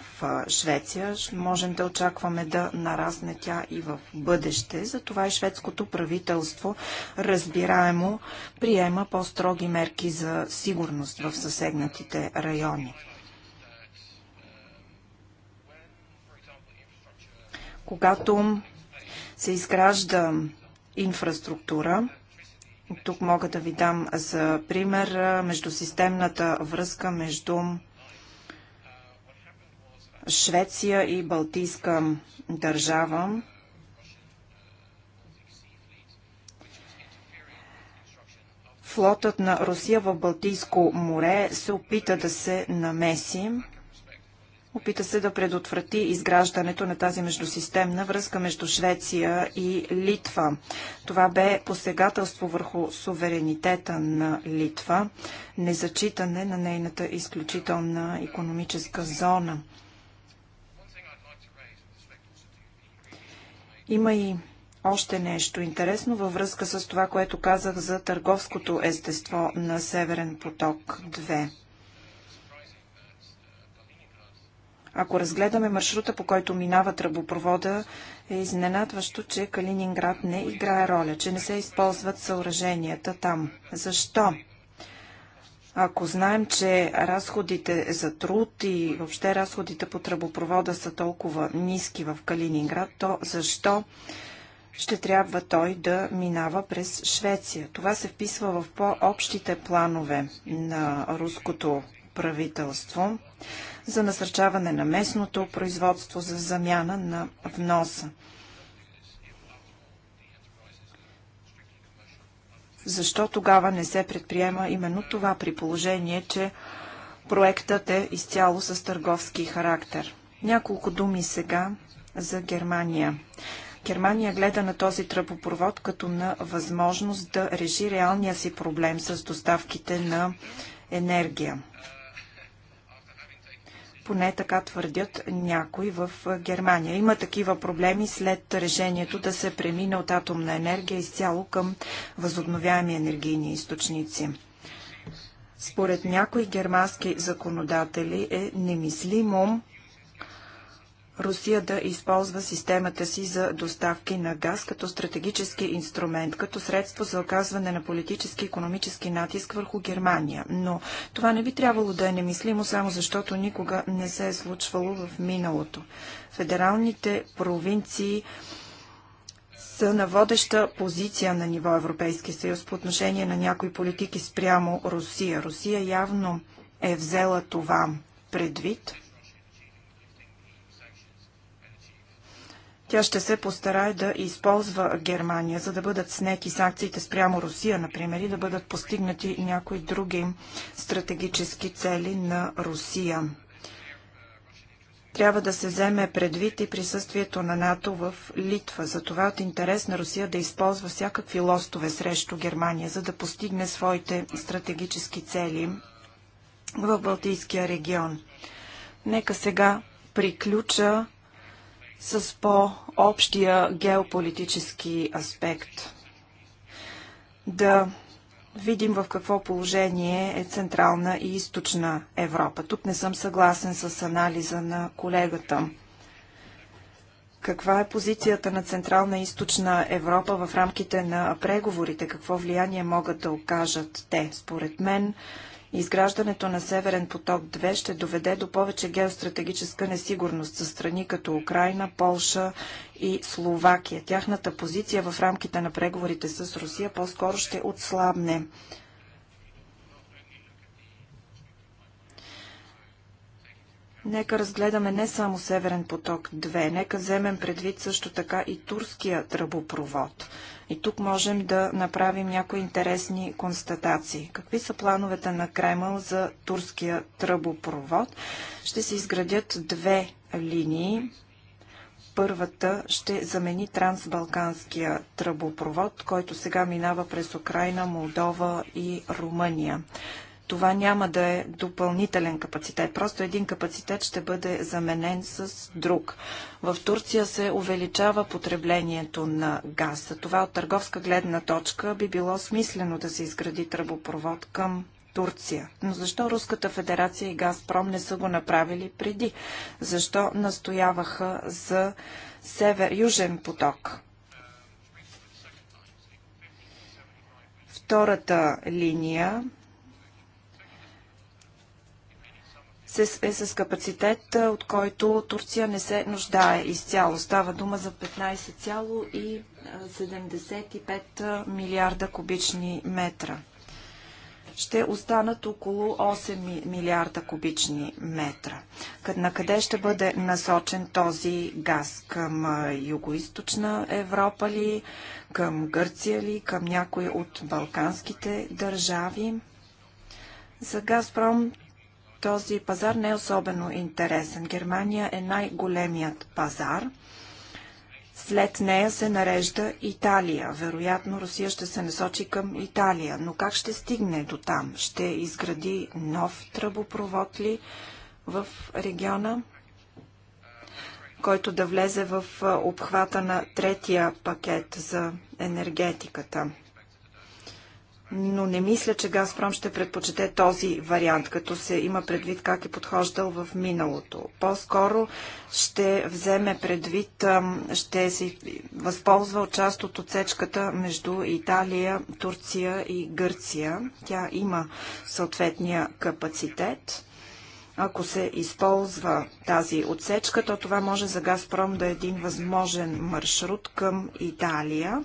Швеция. Можем да очакваме да нарасне тя и в бъдеще. Затова и шведското правителство разбираемо приема по-строги мерки за сигурност в съсегнатите райони. Когато се изгражда инфраструктура, тук мога да ви дам за пример междусистемната връзка между Швеция и Балтийска държава. Флотът на Русия в Балтийско море се опита да се намеси. Опита се да предотврати изграждането на тази междусистемна връзка между Швеция и Литва. Това бе посегателство върху суверенитета на Литва, незачитане на нейната изключителна економическа зона. Има и още нещо интересно във връзка с това, което казах за търговското естество на Северен поток 2. Ако разгледаме маршрута, по който минава тръбопровода, е изненадващо, че Калининград не играе роля, че не се използват съоръженията там. Защо? Ако знаем, че разходите за труд и въобще разходите по тръбопровода са толкова ниски в Калининград, то защо ще трябва той да минава през Швеция? Това се вписва в по-общите планове на руското правителство за насърчаване на местното производство за замяна на вноса. Защо тогава не се предприема именно това при положение, че проектът е изцяло с търговски характер? Няколко думи сега за Германия. Германия гледа на този тръбопровод като на възможност да реши реалния си проблем с доставките на енергия. Поне така твърдят някои в Германия. Има такива проблеми след решението да се премине от атомна енергия изцяло към възобновяеми енергийни източници. Според някои германски законодатели е немислимо Русия да използва системата си за доставки на газ като стратегически инструмент, като средство за оказване на политически и економически натиск върху Германия. Но това не би трябвало да е немислимо, само защото никога не се е случвало в миналото. Федералните провинции са на водеща позиция на ниво Европейски съюз по отношение на някои политики спрямо Русия. Русия явно е взела това предвид – Тя ще се постарае да използва Германия, за да бъдат снети санкциите спрямо Русия, например, и да бъдат постигнати някои други стратегически цели на Русия. Трябва да се вземе предвид и присъствието на НАТО в Литва. Затова е от интерес на Русия да използва всякакви лостове срещу Германия, за да постигне своите стратегически цели в Балтийския регион. Нека сега приключа с по-общия геополитически аспект. Да видим в какво положение е Централна и Източна Европа. Тук не съм съгласен с анализа на колегата. Каква е позицията на Централна и Източна Европа в рамките на преговорите? Какво влияние могат да окажат те? Според мен, Изграждането на Северен поток 2 ще доведе до повече геостратегическа несигурност за страни като Украина, Полша и Словакия. Тяхната позиция в рамките на преговорите с Русия по-скоро ще отслабне. Нека разгледаме не само Северен поток 2, нека вземем предвид също така и турския тръбопровод – и тук можем да направим някои интересни констатации. Какви са плановете на Кремъл за турския тръбопровод? Ще се изградят две линии. Първата ще замени трансбалканския тръбопровод, който сега минава през Украина, Молдова и Румъния това няма да е допълнителен капацитет. Просто един капацитет ще бъде заменен с друг. В Турция се увеличава потреблението на газ. Това от търговска гледна точка би било смислено да се изгради тръбопровод към Турция. Но защо Руската федерация и Газпром не са го направили преди? Защо настояваха за север, южен поток? Втората линия е с капацитет, от който Турция не се нуждае изцяло. Става дума за 15,75 милиарда кубични метра. Ще останат около 8 милиарда кубични метра. На къде ще бъде насочен този газ? Към Юго-Источна Европа ли? Към Гърция ли? Към някои от балканските държави? За Газпром този пазар не е особено интересен. Германия е най-големият пазар. След нея се нарежда Италия. Вероятно Русия ще се насочи към Италия. Но как ще стигне до там? Ще изгради нов тръбопровод ли в региона, който да влезе в обхвата на третия пакет за енергетиката? но не мисля, че Газпром ще предпочете този вариант, като се има предвид как е подхождал в миналото. По-скоро ще вземе предвид, ще се възползва от част от отсечката между Италия, Турция и Гърция. Тя има съответния капацитет. Ако се използва тази отсечка, то това може за Газпром да е един възможен маршрут към Италия.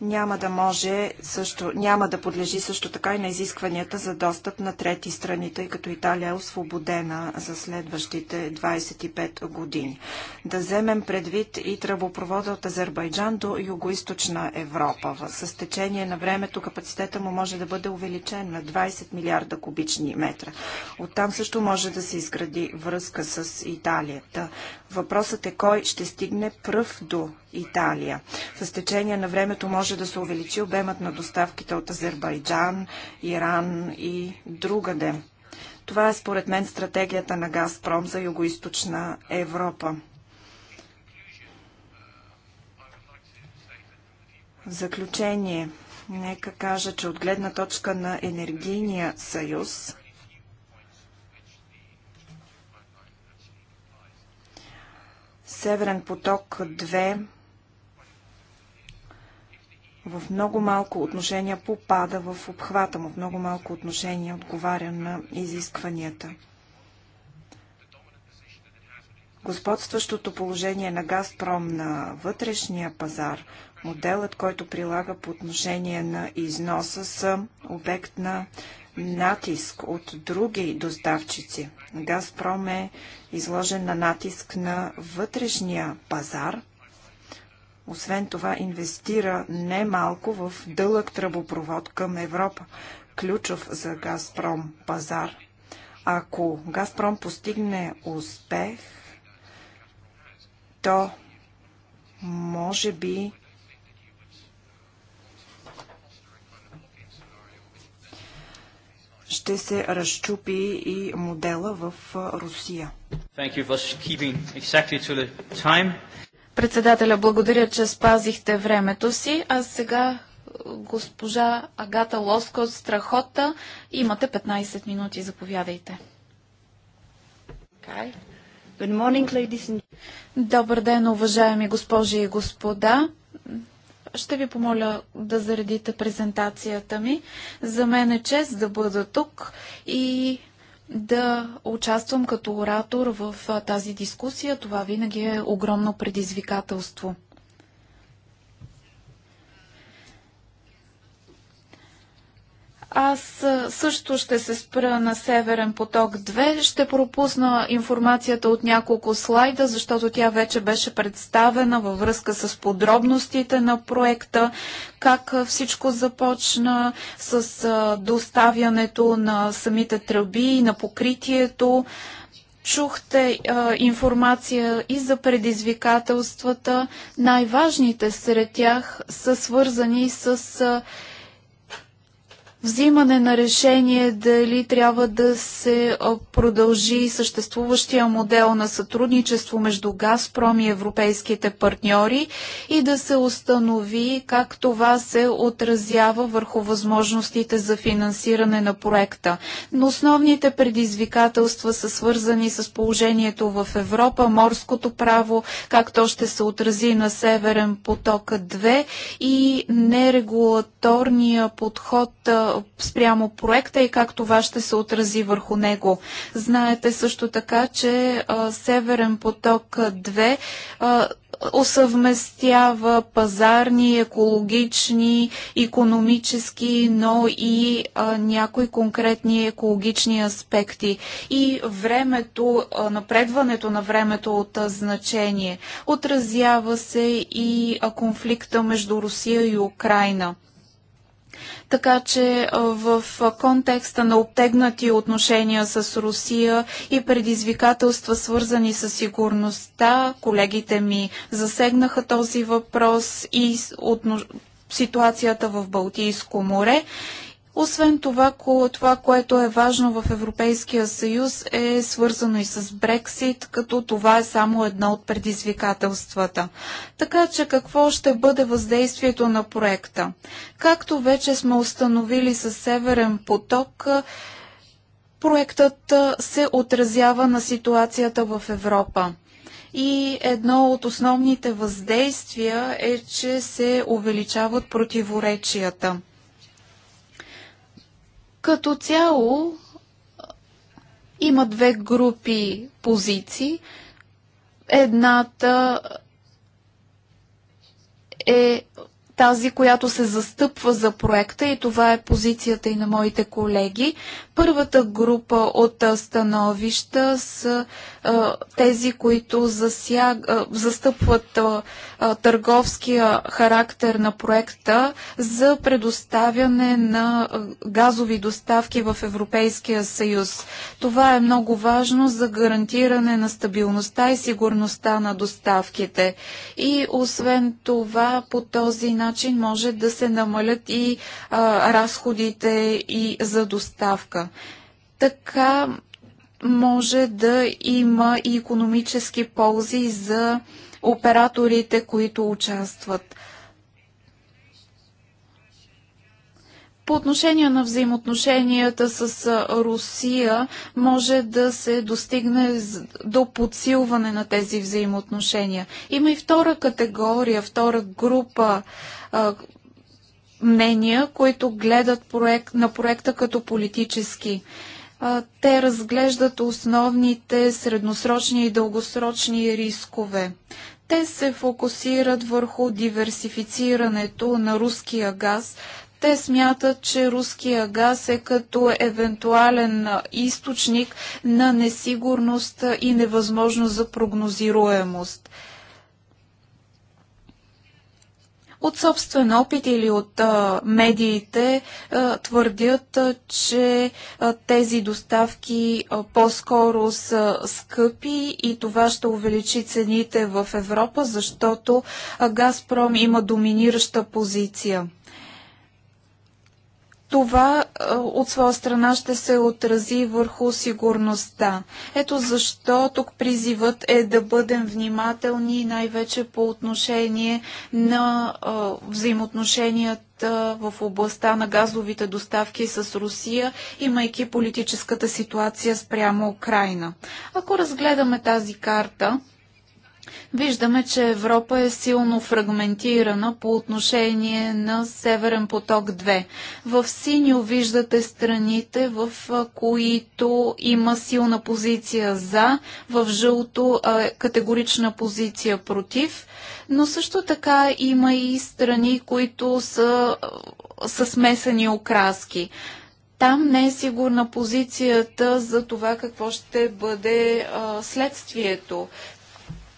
Няма да може също, няма да подлежи също така и на изискванията за достъп на трети страни, тъй като Италия е освободена за следващите 25 години. Да вземем предвид и тръбопровода от Азербайджан до Югоизточна Европа. С течение на времето капацитета му може да бъде увеличен на 20 милиарда кубични метра. Оттам също може да да се изгради връзка с Италия. Та, въпросът е кой ще стигне пръв до Италия. В течение на времето може да се увеличи обемът на доставките от Азербайджан, Иран и другаде. Това е според мен стратегията на Газпром за югоизточна Европа. В заключение, нека кажа, че от гледна точка на енергийния съюз, Северен поток 2 в много малко отношения попада в обхвата му, в много малко отношения отговаря на изискванията. Господстващото положение на Газпром на вътрешния пазар, моделът, който прилага по отношение на износа, са обект на натиск от други доставчици. Газпром е изложен на натиск на вътрешния пазар. Освен това инвестира немалко в дълъг тръбопровод към Европа, ключов за Газпром пазар. Ако Газпром постигне успех, то може би ще се разчупи и модела в Русия. Exactly Председателя, благодаря, че спазихте времето си. А сега госпожа Агата Лоско от Страхота. Имате 15 минути, заповядайте. Okay. Morning, and... Добър ден, уважаеми госпожи и господа. Ще ви помоля да заредите презентацията ми. За мен е чест да бъда тук и да участвам като оратор в тази дискусия. Това винаги е огромно предизвикателство. Аз също ще се спра на Северен поток 2. Ще пропусна информацията от няколко слайда, защото тя вече беше представена във връзка с подробностите на проекта, как всичко започна с доставянето на самите тръби, на покритието. Чухте е, информация и за предизвикателствата. Най-важните сред тях са свързани с Е, взимане на решение дали трябва да се продължи съществуващия модел на сътрудничество между Газпром и европейските партньори и да се установи как това се отразява върху възможностите за финансиране на проекта. Но основните предизвикателства са свързани с положението в Европа, морското право, как то ще се отрази на Северен поток 2 и нерегулаторния подход е, спрямо проекта и как това ще се отрази върху него. Знаете също така, че е, Северен поток 2 осъвместява е, пазарни, екологични, економически, но и а, някои конкретни екологични аспекти. И времето, а, напредването на времето от а, значение. Отразява се и а, конфликта между Русия и Украина. Така че в контекста на обтегнати отношения с Русия и предизвикателства свързани с сигурността, колегите ми засегнаха този въпрос и ситуацията в Балтийско море освен това, това, което е важно в Европейския съюз е свързано и с Брексит, като това е само едно от предизвикателствата. Така че какво ще бъде въздействието на проекта? Както вече сме установили с Северен поток, проектът се отразява на ситуацията в Европа. И едно от основните въздействия е, че се увеличават противоречията. Като цяло има две групи позиции. Едната е тази, която се застъпва за проекта и това е позицията и на моите колеги. Първата група от становища са тези, които засяг, застъпват търговския характер на проекта за предоставяне на газови доставки в Европейския съюз. Това е много важно за гарантиране на стабилността и сигурността на доставките. И освен това, по този начин може да се намалят и разходите и за доставка. Така може да има и економически ползи за операторите, които участват. По отношение на взаимоотношенията с Русия, може да се достигне до подсилване на тези взаимоотношения. Има и втора категория, втора група мнения, които гледат проект, на проекта като политически. Те разглеждат основните средносрочни и дългосрочни рискове. Те се фокусират върху диверсифицирането на руския газ. Те смятат, че руския газ е като евентуален източник на несигурност и невъзможност за прогнозируемост. От собствен опит или от а, медиите а, твърдят, а, че а, тези доставки по-скоро са скъпи и това ще увеличи цените в Европа, защото а, Газпром има доминираща позиция това е, от своя страна ще се отрази върху сигурността. Ето защо тук призивът е да бъдем внимателни най-вече по отношение на е, взаимоотношенията в областта на газовите доставки с Русия, имайки политическата ситуация спрямо Украина. Ако разгледаме тази карта, Виждаме, че Европа е силно фрагментирана по отношение на Северен поток 2. В синьо виждате страните, в които има силна позиция за, в жълто категорична позиция против, но също така има и страни, които са, с смесени окраски там не е сигурна позицията за това какво ще бъде а, следствието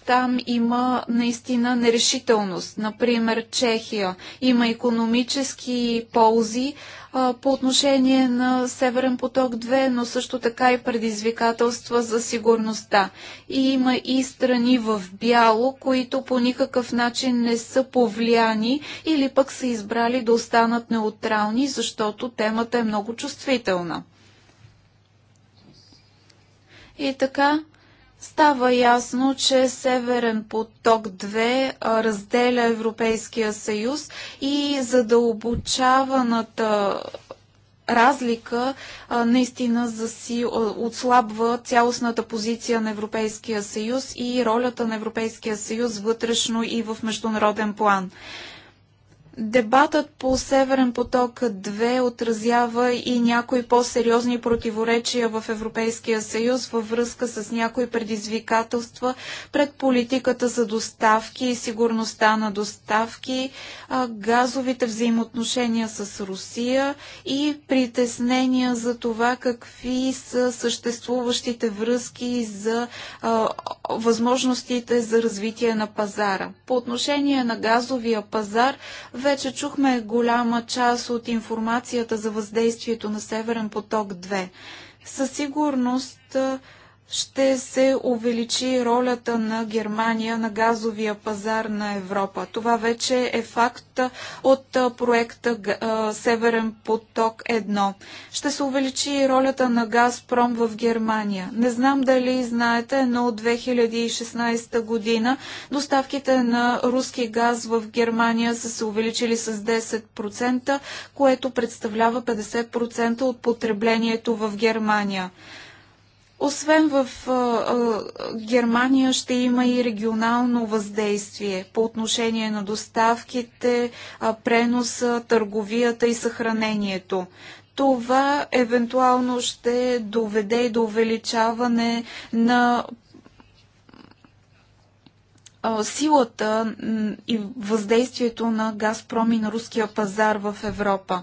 там има наистина нерешителност. Например, Чехия има економически ползи а, по отношение на Северен поток 2, но също така и предизвикателства за сигурността. И има и страни в бяло, които по никакъв начин не са повлияни или пък са избрали да останат неутрални, защото темата е много чувствителна. И така, Става ясно, че Северен поток 2 разделя Европейския съюз и задълбочаваната разлика наистина отслабва цялостната позиция на Европейския съюз и ролята на Европейския съюз вътрешно и в международен план. Дебатът по Северен поток 2 отразява и някои по-сериозни противоречия в Европейския съюз във връзка с някои предизвикателства пред политиката за доставки и сигурността на доставки, газовите взаимоотношения с Русия и притеснения за това какви са съществуващите връзки за възможностите за развитие на пазара. По отношение на газовия пазар, вече чухме голяма част от информацията за въздействието на Северен поток 2. Със сигурност ще се увеличи ролята на Германия на газовия пазар на Европа. Това вече е факт от проекта Северен поток 1. Ще се увеличи ролята на Газпром в Германия. Не знам дали знаете, но от 2016 година доставките на руски газ в Германия са се увеличили с 10%, което представлява 50% от потреблението в Германия. Освен в а, а, Германия ще има и регионално въздействие по отношение на доставките, а, преноса, търговията и съхранението. Това евентуално ще доведе и до увеличаване на силата и въздействието на Газпром и на руския пазар в Европа.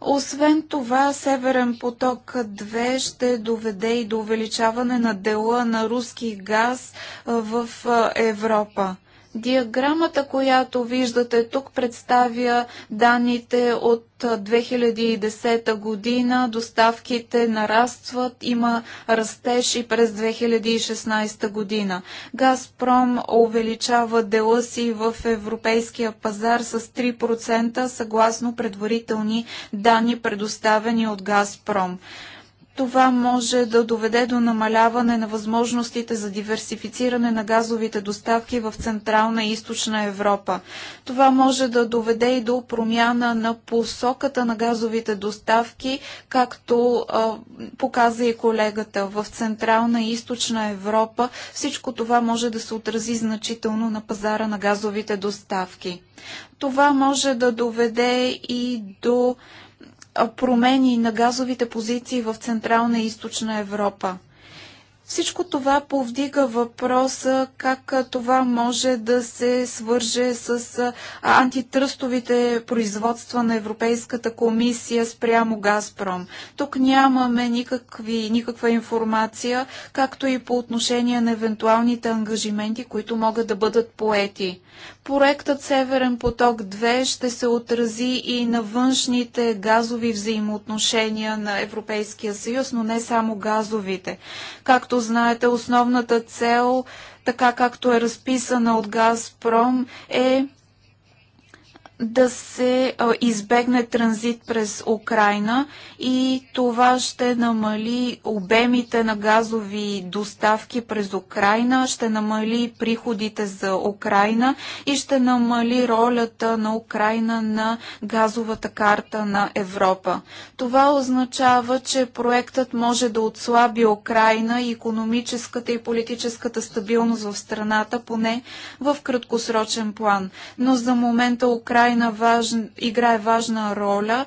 Освен това, Северен поток 2 ще доведе и до увеличаване на дела на руски газ в Европа. Диаграмата, която виждате тук, представя данните от 2010 година. Доставките нарастват, има растеж и през 2016 година. Газпром увеличава дела си в европейския пазар с 3% съгласно предварителни данни, предоставени от Газпром. Това може да доведе до намаляване на възможностите за диверсифициране на газовите доставки в Централна и Източна Европа. Това може да доведе и до промяна на посоката на газовите доставки, както а, показа и колегата. В Централна и Източна Европа всичко това може да се отрази значително на пазара на газовите доставки. Това може да доведе и до промени на газовите позиции в Централна и Източна Европа. Всичко това повдига въпроса как това може да се свърже с антитръстовите производства на Европейската комисия спрямо Газпром. Тук нямаме никакви, никаква информация, както и по отношение на евентуалните ангажименти, които могат да бъдат поети. Проектът Северен поток 2 ще се отрази и на външните газови взаимоотношения на Европейския съюз, но не само газовите. Както Както знаете, основната цел, така както е разписана от Газпром, е да се избегне транзит през Украина и това ще намали обемите на газови доставки през Украина, ще намали приходите за Украина и ще намали ролята на Украина на газовата карта на Европа. Това означава, че проектът може да отслаби Украина и економическата и политическата стабилност в страната, поне в краткосрочен план. Но за момента Украина играе, играе важна роля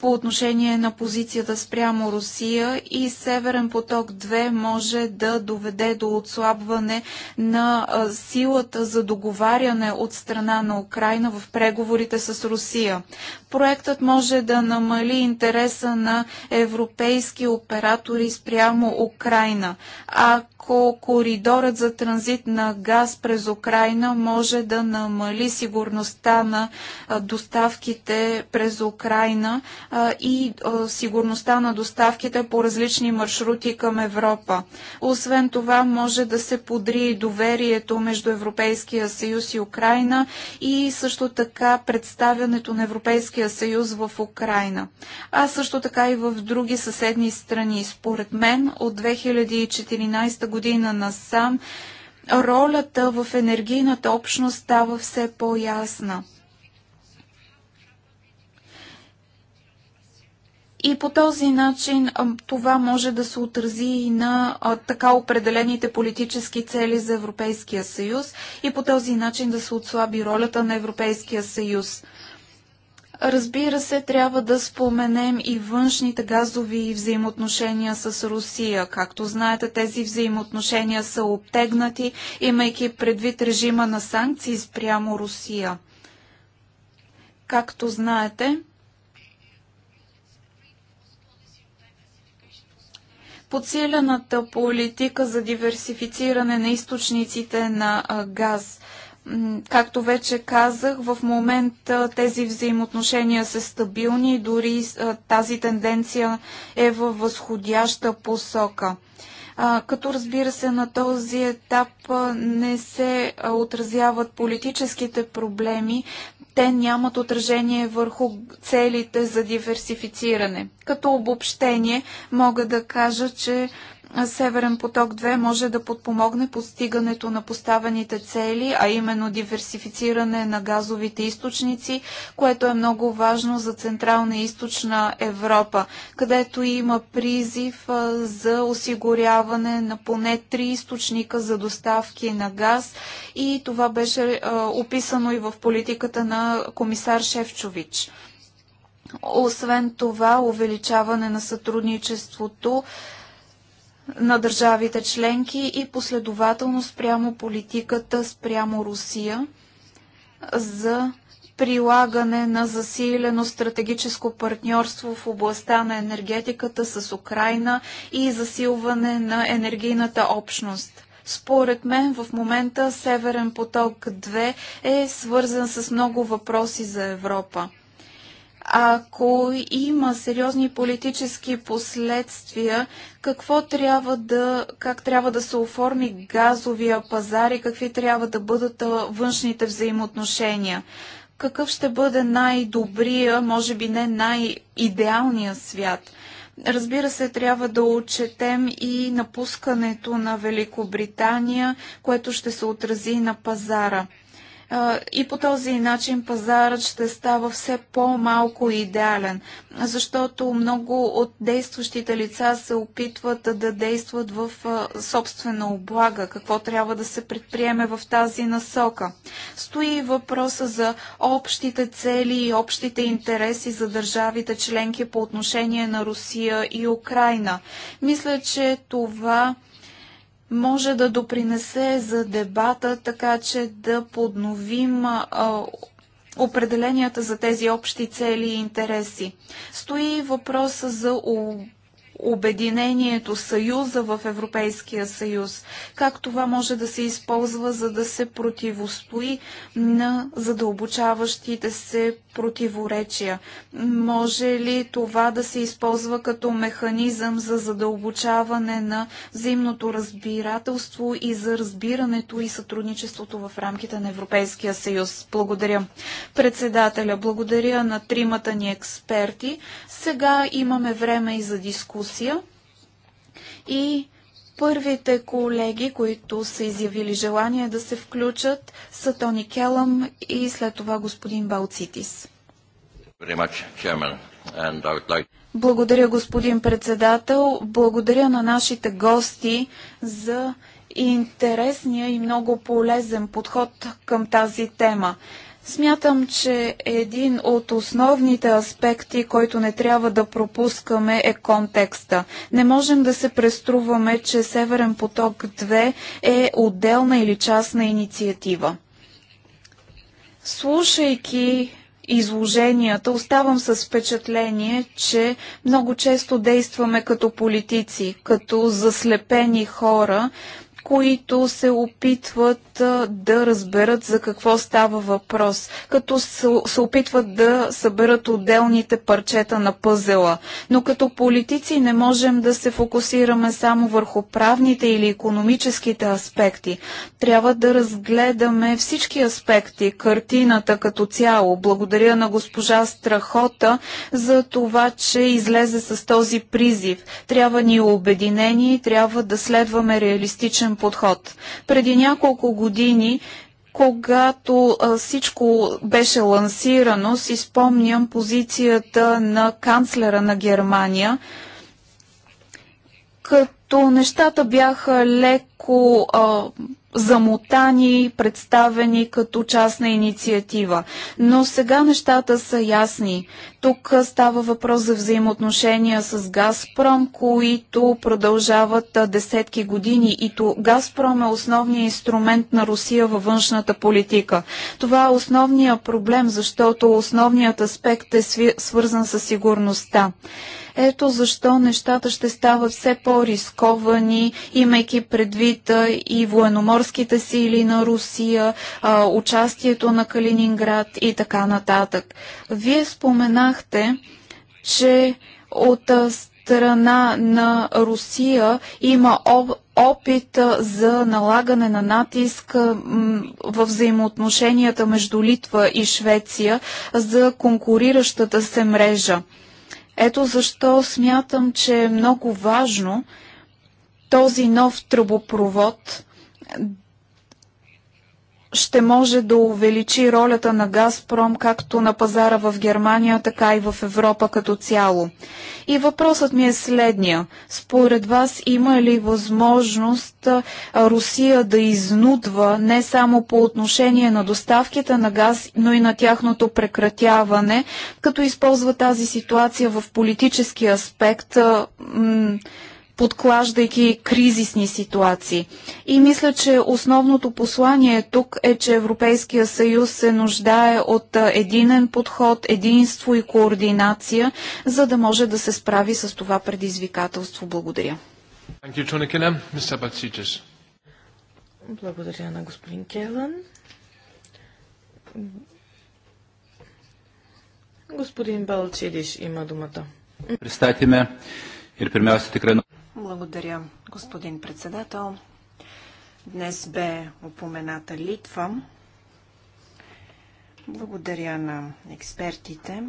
по отношение на позицията спрямо Русия и Северен поток 2 може да доведе до отслабване на силата за договаряне от страна на Украина в преговорите с Русия. Проектът може да намали интереса на европейски оператори спрямо Украина. а ако коридорът за транзит на газ през Украина може да намали сигурността на доставките през Украина и сигурността на доставките по различни маршрути към Европа. Освен това, може да се подри доверието между Европейския съюз и Украина и също така представянето на Европейския съюз в Украина. А също така и в други съседни страни. Според мен от 2014 година година насам ролята в енергийната общност става все по-ясна. И по този начин това може да се отрази и на така определените политически цели за Европейския съюз и по този начин да се отслаби ролята на Европейския съюз. Разбира се, трябва да споменем и външните газови взаимоотношения с Русия. Както знаете, тези взаимоотношения са обтегнати, имайки предвид режима на санкции спрямо Русия. Както знаете, подсилената политика за диверсифициране на източниците на газ – Както вече казах, в момента тези взаимоотношения са стабилни и дори тази тенденция е във възходяща посока. Като разбира се на този етап не се отразяват политическите проблеми, те нямат отражение върху целите за диверсифициране. Като обобщение мога да кажа, че Северен поток 2 може да подпомогне постигането на поставените цели, а именно диверсифициране на газовите източници, което е много важно за Централна и Източна Европа, където има призив за осигуряване на поне три източника за доставки на газ и това беше описано и в политиката на комисар Шевчович. Освен това, увеличаване на сътрудничеството на държавите членки и последователно спрямо политиката спрямо Русия за прилагане на засилено стратегическо партньорство в областта на енергетиката с Украина и засилване на енергийната общност. Според мен в момента Северен поток 2 е свързан с много въпроси за Европа. Ако има сериозни политически последствия, какво трябва да, как трябва да се оформи газовия пазар и какви трябва да бъдат външните взаимоотношения? Какъв ще бъде най-добрия, може би не най-идеалния свят? Разбира се, трябва да отчетем и напускането на Великобритания, което ще се отрази на пазара. И по този начин пазарът ще става все по-малко идеален, защото много от действащите лица се опитват да действат в собствена облага, какво трябва да се предприеме в тази насока. Стои въпроса за общите цели и общите интереси за държавите членки по отношение на Русия и Украина. Мисля, че това може да допринесе за дебата, така че да подновим а, определенията за тези общи цели и интереси. Стои въпроса за обединението, съюза в Европейския съюз, как това може да се използва, за да се противостои на задълбочаващите се противоречия. Може ли това да се използва като механизъм за задълбочаване на взаимното разбирателство и за разбирането и сътрудничеството в рамките на Европейския съюз? Благодаря. Председателя, благодаря на тримата ни експерти. Сега имаме време и за дискусия дискусия и първите колеги, които са изявили желание да се включат, са Тони Келъм и след това господин Балцитис. Благодаря, господин председател. Благодаря на нашите гости за интересния и много полезен подход към тази тема. Смятам, че един от основните аспекти, който не трябва да пропускаме е контекста. Не можем да се преструваме, че Северен поток 2 е отделна или частна инициатива. Слушайки изложенията, оставам с впечатление, че много често действаме като политици, като заслепени хора, които се опитват да разберат за какво става въпрос, като се опитват да съберат отделните парчета на пъзела. Но като политици не можем да се фокусираме само върху правните или економическите аспекти. Трябва да разгледаме всички аспекти, картината като цяло. Благодаря на госпожа Страхота за това, че излезе с този призив. Трябва ни обединение, трябва да следваме реалистичен подход. Преди няколко години когато а, всичко беше лансирано, си спомням позицията на канцлера на Германия, като нещата бяха леко а, замотани, представени като частна инициатива. Но сега нещата са ясни. Тук става въпрос за взаимоотношения с Газпром, които продължават десетки години и то Газпром е основният инструмент на Русия във външната политика. Това е основният проблем, защото основният аспект е свързан с сигурността. Ето защо нещата ще стават все по-рисковани, имайки предвид и военноморските сили на Русия, участието на Калининград и така нататък. Вие споменахте, че от страна на Русия има опит за налагане на натиск в взаимоотношенията между Литва и Швеция за конкуриращата се мрежа. Ето защо смятам, че е много важно този нов тръбопровод ще може да увеличи ролята на Газпром както на пазара в Германия, така и в Европа като цяло. И въпросът ми е следния. Според вас има ли възможност Русия да изнудва не само по отношение на доставките на газ, но и на тяхното прекратяване, като използва тази ситуация в политически аспект? подклаждайки кризисни ситуации. И мисля, че основното послание тук е, че Европейския съюз се нуждае от единен подход, единство и координация, за да може да се справи с това предизвикателство. Благодаря. Благодаря на господин Келан. Господин Балчидиш има думата. Представете ме. Ir pirmiausia, tikrai благодаря, господин председател. Днес бе упомената Литва. Благодаря на експертите.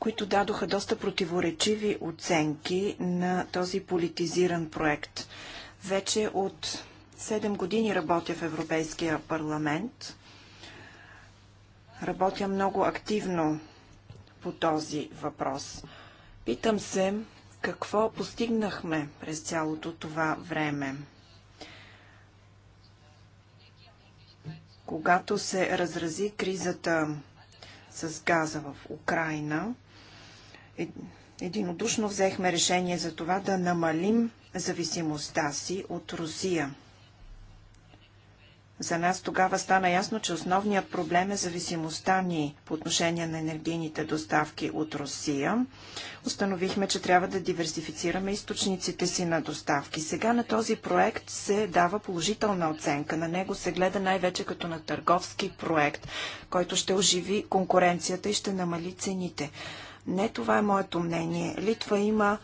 които дадоха доста противоречиви оценки на този политизиран проект. Вече от Седем години работя в Европейския парламент. Работя много активно по този въпрос. Питам се, какво постигнахме през цялото това време? Когато се разрази кризата с газа в Украина, е, единодушно взехме решение за това да намалим зависимостта си от Русия. За нас тогава стана ясно, че основният проблем е зависимостта ни по отношение на енергийните доставки от Русия. Установихме, че трябва да диверсифицираме източниците си на доставки. Сега на този проект се дава положителна оценка. На него се гледа най-вече като на търговски проект, който ще оживи конкуренцията и ще намали цените. Не това е моето мнение. Литва има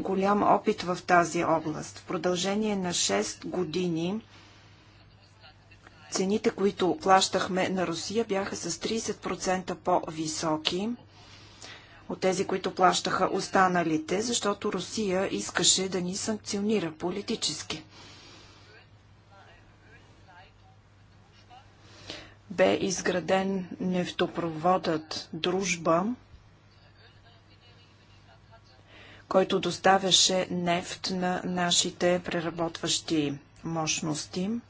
голям опит в тази област. В продължение на 6 години Цените, които плащахме на Русия, бяха с 30% по-високи от тези, които плащаха останалите, защото Русия искаше да ни санкционира политически. Бе изграден нефтопроводът Дружба, който доставяше нефт на нашите преработващи мощности –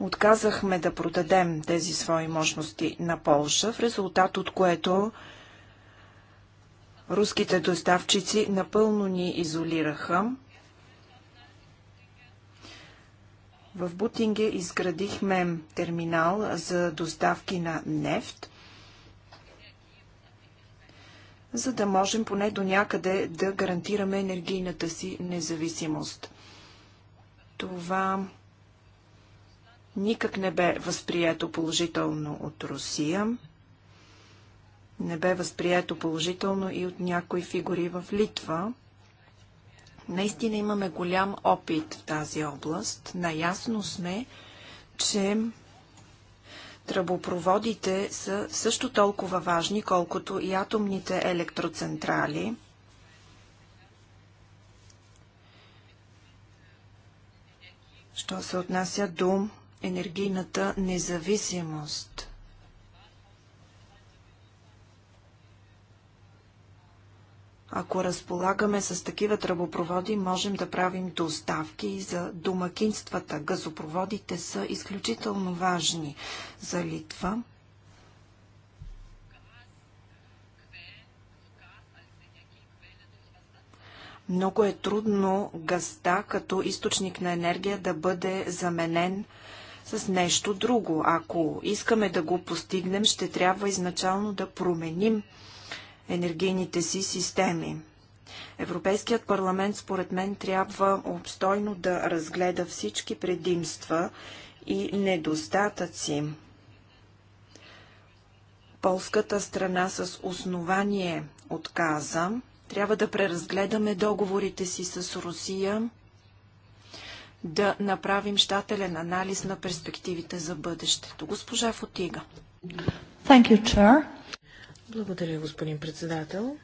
отказахме да продадем тези свои мощности на Полша, в резултат от което руските доставчици напълно ни изолираха. В Бутинге изградихме терминал за доставки на нефт, за да можем поне до някъде да гарантираме енергийната си независимост. Това никак не бе възприето положително от Русия. Не бе възприето положително и от някои фигури в Литва. Наистина имаме голям опит в тази област. Наясно сме, че тръбопроводите са също толкова важни, колкото и атомните електроцентрали. Що се отнася до енергийната независимост. Ако разполагаме с такива тръбопроводи, можем да правим доставки за домакинствата. Газопроводите са изключително важни за Литва. Много е трудно газта като източник на енергия да бъде заменен с нещо друго. Ако искаме да го постигнем, ще трябва изначално да променим енергийните си системи. Европейският парламент, според мен, трябва обстойно да разгледа всички предимства и недостатъци. Полската страна с основание отказа. Трябва да преразгледаме договорите си с Русия, да направим щателен анализ на перспективите за бъдещето. Госпожа Фотига. Thank you, Chair. Благодаря, господин председател.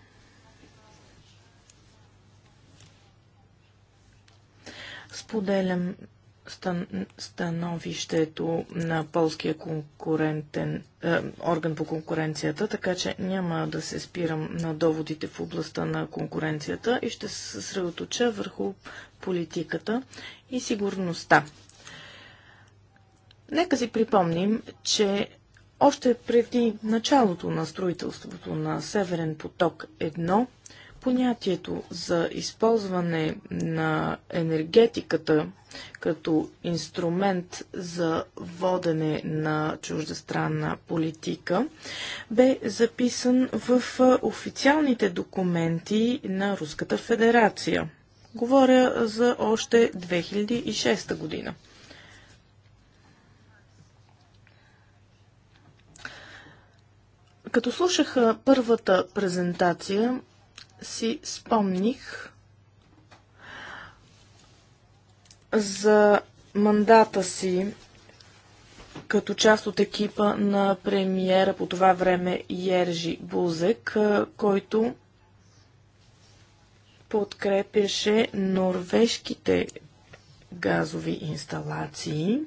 Споделям стан, становището на полския конкурентен е, орган по конкуренцията, така че няма да се спирам на доводите в областта на конкуренцията и ще се съсредоточа върху политиката и сигурността. Нека си припомним, че още преди началото на строителството на Северен поток 1, Понятието за използване на енергетиката като инструмент за водене на чуждестранна политика бе записан в официалните документи на Руската федерация. Говоря за още 2006 година. Като слушах първата презентация, си спомних за мандата си като част от екипа на премиера по това време Ержи Бузек, който подкрепяше норвежките газови инсталации.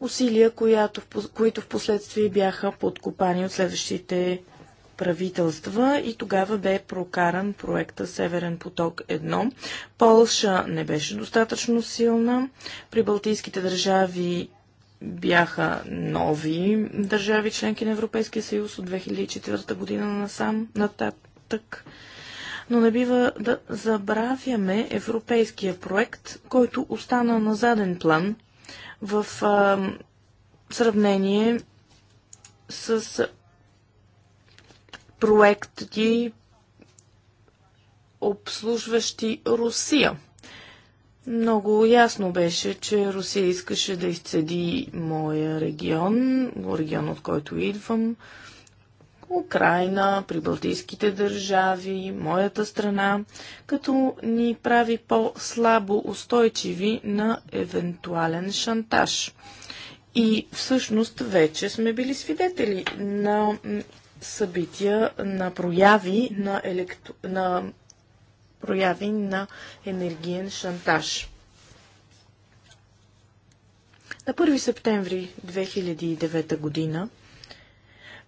Усилия, която, които в последствие бяха подкопани от следващите правителства и тогава бе прокаран проекта Северен поток 1. Полша не беше достатъчно силна. При Балтийските държави бяха нови държави членки на Европейския съюз от 2004 година насам, нататък. Но не бива да забравяме европейския проект, който остана на заден план в а, сравнение с проекти, обслужващи Русия. Много ясно беше, че Русия искаше да изцеди моя регион, регион от който идвам, Украина, прибалтийските държави, моята страна, като ни прави по-слабо устойчиви на евентуален шантаж. И всъщност вече сме били свидетели на събития, на прояви на, електро... на прояви на енергиен шантаж. На 1 септември 2009 година,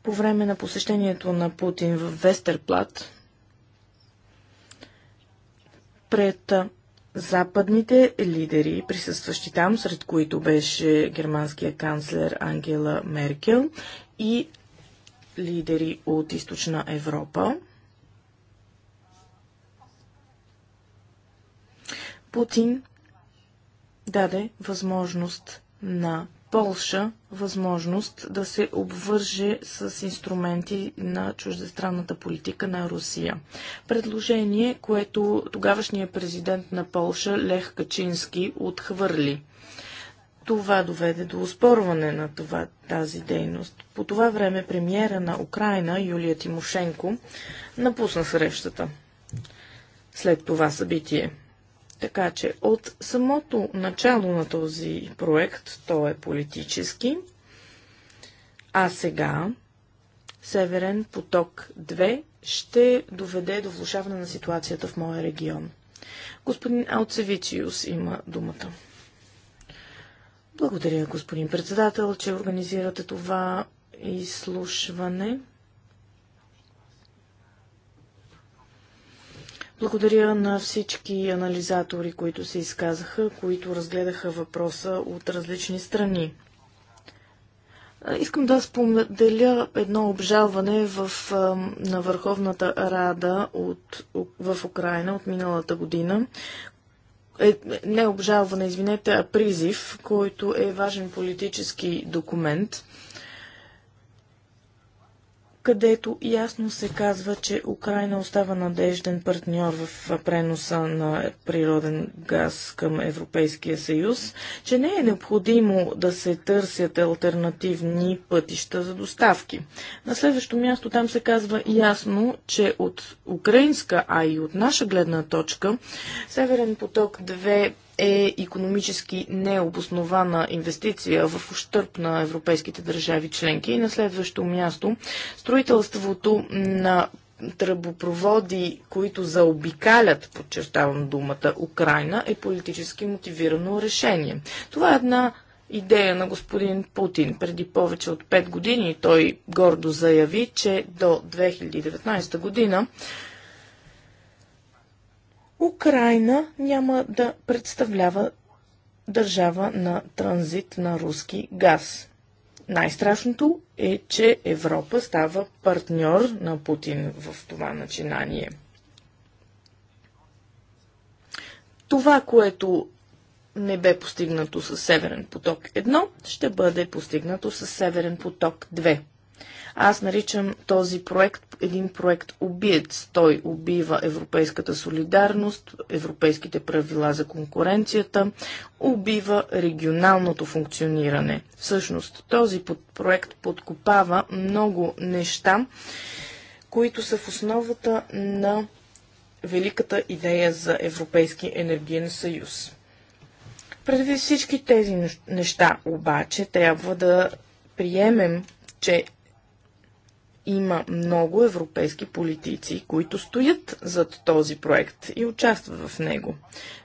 по време на посещението на Путин в Вестерплат, пред западните лидери, присъстващи там, сред които беше германския канцлер Ангела Меркел и лидери от източна Европа. Путин даде възможност на Полша възможност да се обвърже с инструменти на чуждестранната политика на Русия. Предложение, което тогавашният президент на Полша Лех Качински отхвърли. Това доведе до оспорване на това, тази дейност. По това време премиера на Украина Юлия Тимошенко напусна срещата след това събитие. Така че от самото начало на този проект той е политически, а сега Северен поток 2 ще доведе до влушаване на ситуацията в моя регион. Господин Алцевичиус има думата. Благодаря, господин председател, че организирате това изслушване. Благодаря на всички анализатори, които се изказаха, които разгледаха въпроса от различни страни. Искам да споделя едно обжалване в, на Върховната Рада от, в Украина от миналата година, е, не обжалване, извинете, а призив, който е важен политически документ – където ясно се казва, че Украина остава надежден партньор в преноса на природен газ към Европейския съюз, че не е необходимо да се търсят альтернативни пътища за доставки. На следващо място там се казва ясно, че от украинска, а и от наша гледна точка, Северен поток 2 е економически необоснована инвестиция в ущърп на европейските държави членки. И на следващо място, строителството на тръбопроводи, които заобикалят, подчертавам думата, Украина, е политически мотивирано решение. Това е една идея на господин Путин. Преди повече от 5 години той гордо заяви, че до 2019 година Украина няма да представлява държава на транзит на руски газ. Най-страшното е, че Европа става партньор на Путин в това начинание. Това, което не бе постигнато с Северен поток 1, ще бъде постигнато с Северен поток 2. Аз наричам този проект един проект убиец. Той убива европейската солидарност, европейските правила за конкуренцията, убива регионалното функциониране. Всъщност, този проект подкопава много неща, които са в основата на великата идея за Европейски енергиен съюз. Преди всички тези неща обаче трябва да приемем, че има много европейски политици, които стоят зад този проект и участват в него.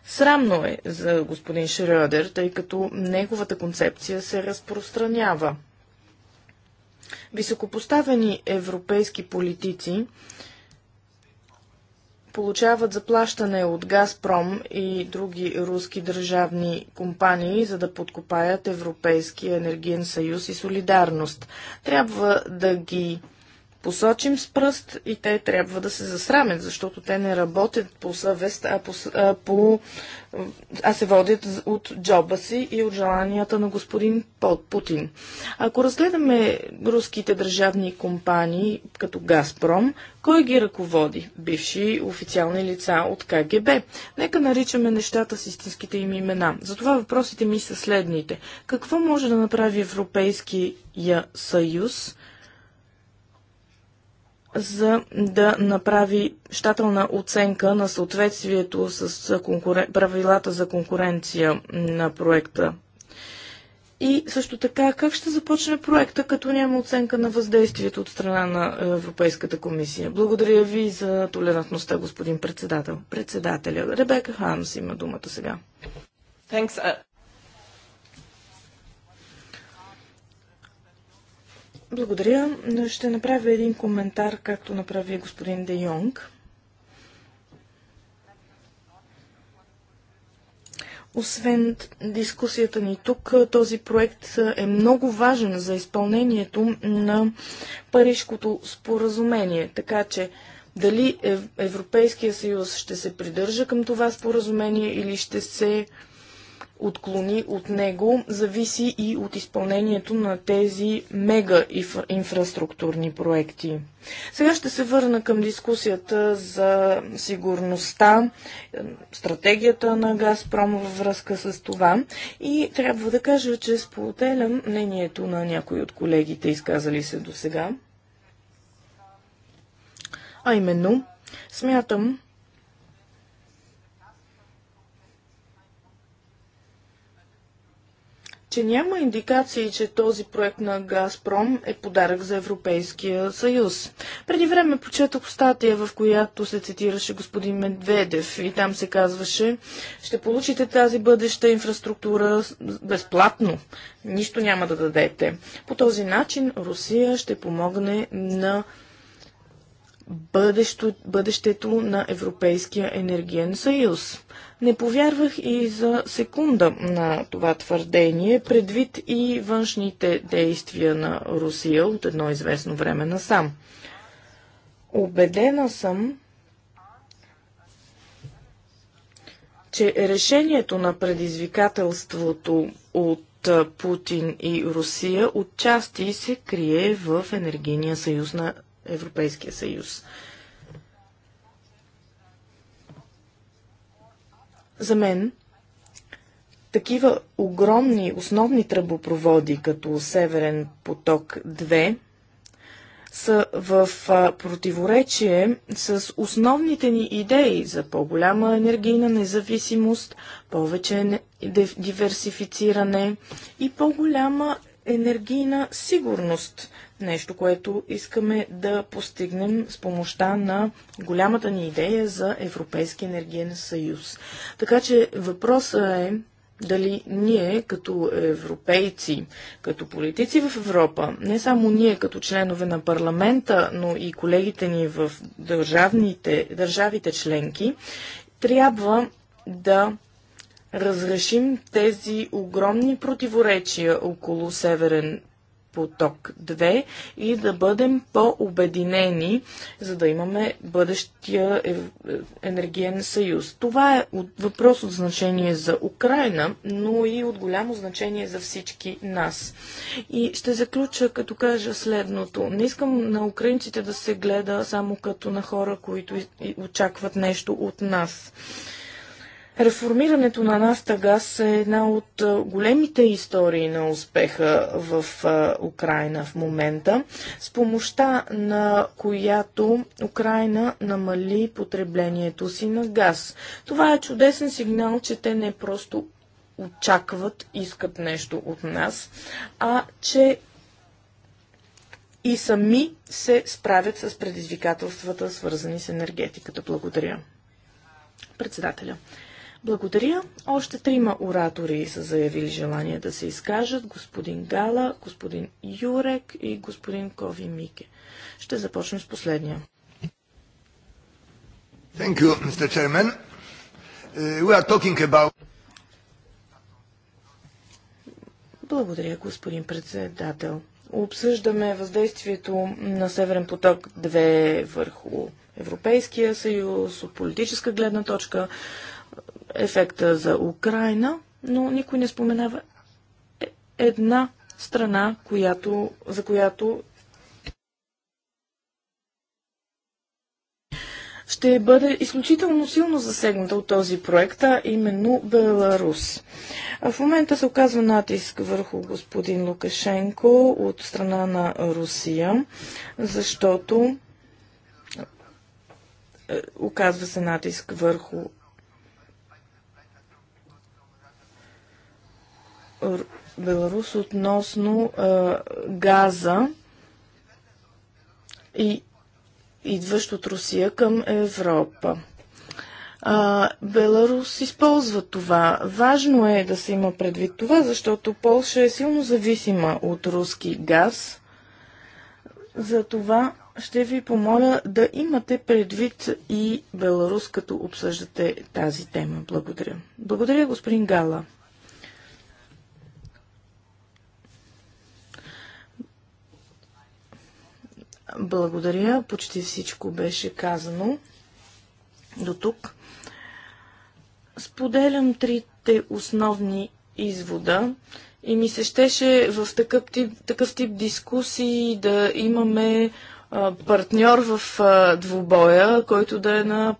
Срамно е за господин Шрёдер, тъй като неговата концепция се разпространява. Високопоставени европейски политици получават заплащане от Газпром и други руски държавни компании, за да подкопаят Европейския енергиен съюз и солидарност. Трябва да ги посочим с пръст и те трябва да се засрамят, защото те не работят по съвест, а, по, а, по, а се водят от джоба си и от желанията на господин Путин. Ако разгледаме руските държавни компании, като Газпром, кой ги ръководи? Бивши официални лица от КГБ. Нека наричаме нещата с истинските им имена. Затова въпросите ми са следните. Какво може да направи Европейския съюз? за да направи щателна оценка на съответствието с конкурен... правилата за конкуренция на проекта. И също така, как ще започне проекта, като няма оценка на въздействието от страна на Европейската комисия? Благодаря ви за толерантността, господин председател. Председателя. Ребека Хамс има думата сега. Thanks. Uh, Благодаря. Ще направя един коментар, както направи господин Де Йонг. Освен дискусията ни тук, този проект е много важен за изпълнението на Парижкото споразумение. Така че дали Европейския съюз ще се придържа към това споразумение или ще се отклони от него, зависи и от изпълнението на тези мега инфраструктурни проекти. Сега ще се върна към дискусията за сигурността, стратегията на Газпром във връзка с това и трябва да кажа, че споделям мнението на някои от колегите, изказали се до сега. А именно, смятам, че няма индикации, че този проект на Газпром е подарък за Европейския съюз. Преди време почетох статия, в която се цитираше господин Медведев и там се казваше, ще получите тази бъдеща инфраструктура безплатно. Нищо няма да дадете. По този начин Русия ще помогне на бъдещето на Европейския енергиен съюз. Не повярвах и за секунда на това твърдение, предвид и външните действия на Русия от едно известно време насам. Обедена съм, че решението на предизвикателството от Путин и Русия отчасти се крие в енергийния съюз на Европейския съюз. За мен такива огромни основни тръбопроводи, като Северен поток 2, са в противоречие с основните ни идеи за по-голяма енергийна независимост, повече диверсифициране и по-голяма енергийна сигурност нещо, което искаме да постигнем с помощта на голямата ни идея за Европейски енергиен съюз. Така че въпросът е дали ние като европейци, като политици в Европа, не само ние като членове на парламента, но и колегите ни в държавните, държавите членки, трябва да разрешим тези огромни противоречия около Северен поток 2 и да бъдем по-обединени, за да имаме бъдещия е, е, енергиен съюз. Това е въпрос от значение за Украина, но и от голямо значение за всички нас. И ще заключа като кажа следното. Не искам на украинците да се гледа само като на хора, които очакват нещо от нас. Реформирането на нафта газ е една от големите истории на успеха в Украина в момента, с помощта на която Украина намали потреблението си на газ. Това е чудесен сигнал, че те не просто очакват, искат нещо от нас, а че и сами се справят с предизвикателствата, свързани с енергетиката. Благодаря. Председателя. Благодаря. Още трима оратори са заявили желание да се изкажат. Господин Гала, господин Юрек и господин Кови Мике. Ще започнем с последния. Thank you, Mr. Chairman. Uh, we are talking about... Благодаря, господин председател. Обсъждаме въздействието на Северен поток 2 върху Европейския съюз, от политическа гледна точка, ефекта за Украина, но никой не споменава е- една страна, която, за която ще бъде изключително силно засегната от този проект, а именно Беларус. В момента се оказва натиск върху господин Лукашенко от страна на Русия, защото е, оказва се натиск върху Беларус относно а, газа и идващ от Русия към Европа. А, Беларус използва това. Важно е да се има предвид това, защото Полша е силно зависима от руски газ. Затова ще ви помоля да имате предвид и Беларус, като обсъждате тази тема. Благодаря. Благодаря, господин Гала. Благодаря. Почти всичко беше казано до тук. Споделям трите основни извода и ми се щеше в такъв тип, такъв тип дискусии да имаме партньор в двубоя, който да е на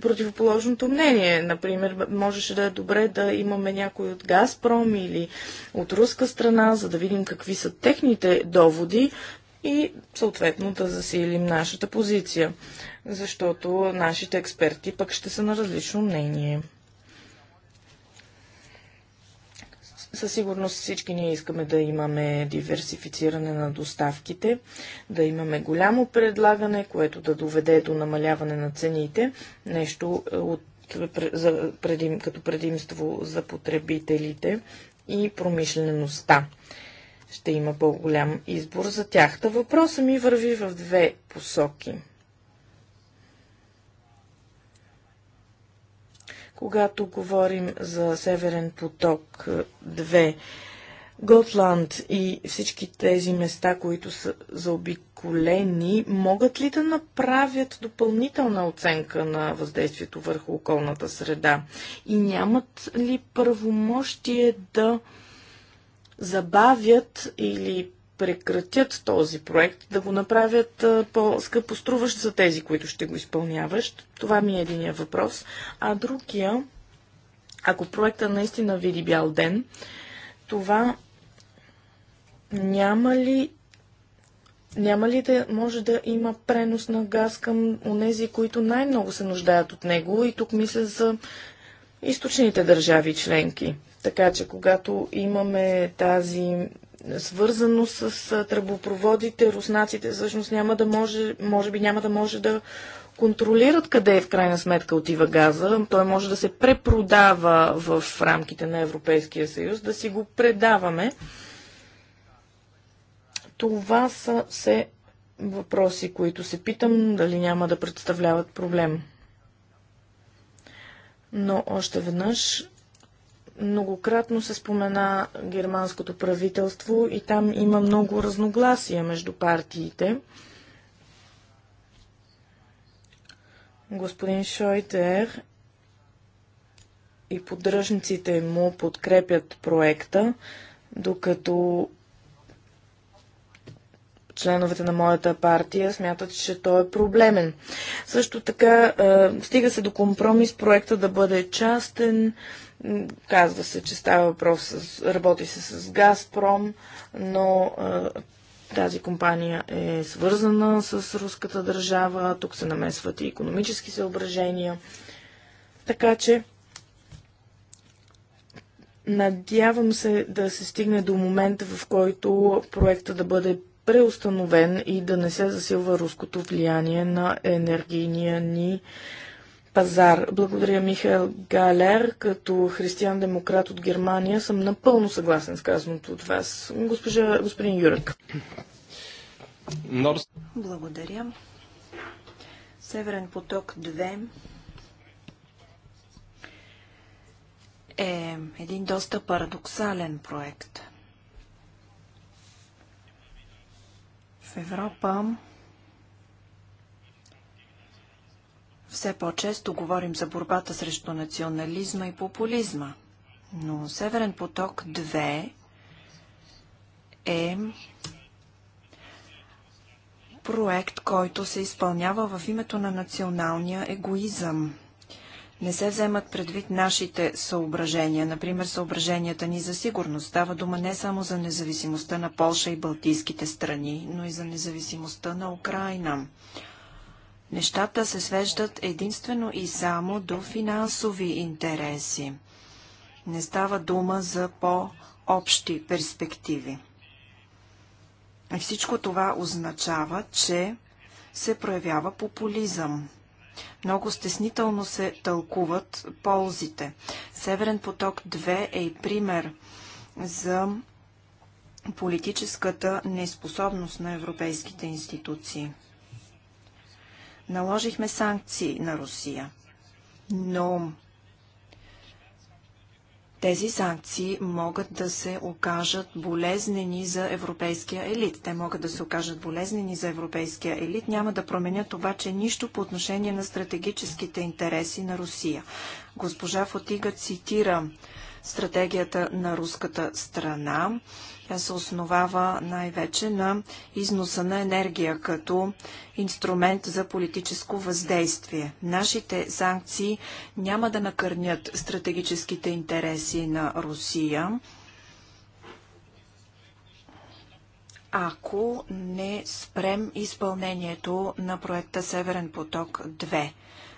противоположното мнение. Например, можеше да е добре да имаме някой от Газпром или от руска страна, за да видим какви са техните доводи, и съответно да засилим нашата позиция, защото нашите експерти пък ще са на различно мнение. Със сигурност всички ние искаме да имаме диверсифициране на доставките, да имаме голямо предлагане, което да доведе до намаляване на цените, нещо е, от, за, предим, като предимство за потребителите и промишлеността ще има по-голям избор за тях. Та въпроса ми върви в две посоки. Когато говорим за Северен поток 2, е, Готланд и всички тези места, които са заобиколени, могат ли да направят допълнителна оценка на въздействието върху околната среда? И нямат ли правомощие да забавят или прекратят този проект, да го направят по-скъпоструващ за тези, които ще го изпълняваш. Това ми е единия въпрос. А другия, ако проекта наистина види бял ден, това няма ли няма ли да може да има пренос на газ към онези, които най-много се нуждаят от него? И тук мисля за източните държави членки. Така че когато имаме тази свързаност с тръбопроводите, руснаците всъщност няма да може, може би няма да може да контролират къде е в крайна сметка отива газа. Той може да се препродава в рамките на Европейския съюз, да си го предаваме. Това са все въпроси, които се питам, дали няма да представляват проблем. Но още веднъж Многократно се спомена германското правителство и там има много разногласия между партиите. Господин Шойтер и поддръжниците му подкрепят проекта, докато членовете на моята партия смятат, че той е проблемен. Също така, стига се до компромис проекта да бъде частен. Казва се, че става въпрос, с, работи се с Газпром, но тази компания е свързана с руската държава, тук се намесват и економически съображения. Така че, надявам се да се стигне до момента, в който проекта да бъде преустановен и да не се засилва руското влияние на енергийния ни пазар. Благодаря Михаил Галер. Като християн-демократ от Германия съм напълно съгласен с казаното от вас. Госпожа, господин Юрек. Благодаря. Северен поток 2 е един доста парадоксален проект – Европа все по-често говорим за борбата срещу национализма и популизма, но Северен поток 2 е проект, който се изпълнява в името на националния егоизъм не се вземат предвид нашите съображения, например съображенията ни за сигурност. Става дума не само за независимостта на Полша и Балтийските страни, но и за независимостта на Украина. Нещата се свеждат единствено и само до финансови интереси. Не става дума за по-общи перспективи. И всичко това означава, че се проявява популизъм. Много стеснително се тълкуват ползите. Северен поток 2 е и пример за политическата неспособност на европейските институции. Наложихме санкции на Русия, но тези санкции могат да се окажат болезнени за европейския елит. Те могат да се окажат болезнени за европейския елит. Няма да променят обаче нищо по отношение на стратегическите интереси на Русия. Госпожа Фотига цитира стратегията на руската страна. Тя се основава най-вече на износа на енергия като инструмент за политическо въздействие. Нашите санкции няма да накърнят стратегическите интереси на Русия, ако не спрем изпълнението на проекта Северен поток 2.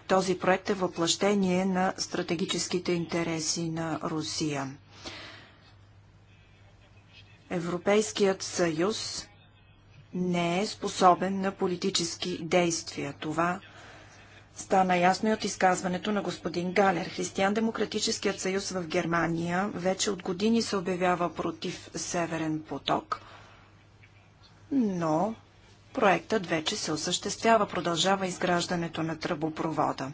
Този проект е въплъщение на стратегическите интереси на Русия. Европейският съюз не е способен на политически действия. Това стана ясно и от изказването на господин Галер. Християн-демократическият съюз в Германия вече от години се обявява против Северен поток, но Проектът вече се осъществява, продължава изграждането на тръбопровода.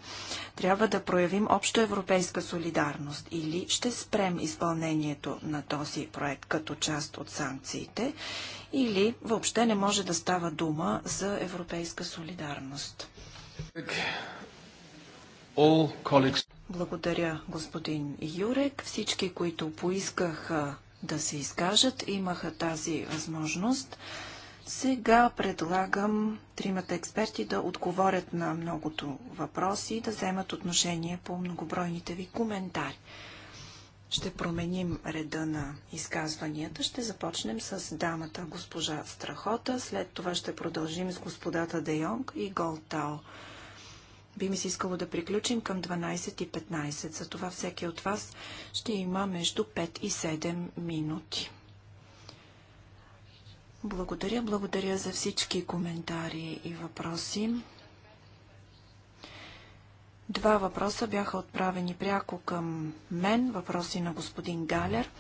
Трябва да проявим общо европейска солидарност или ще спрем изпълнението на този проект като част от санкциите, или въобще не може да става дума за европейска солидарност. Благодаря, господин Юрек. Всички, които поискаха да се изкажат, имаха тази възможност. Сега предлагам тримата експерти да отговорят на многото въпроси и да вземат отношение по многобройните ви коментари. Ще променим реда на изказванията. Ще започнем с дамата госпожа Страхота, след това ще продължим с господата Де Йонг и Голтао. Би ми се искало да приключим към 12 и 15, затова всеки от вас ще има между 5 и 7 минути. Благодаря, благодаря за всички коментари и въпроси. Два въпроса бяха отправени пряко към мен, въпроси на господин Галер.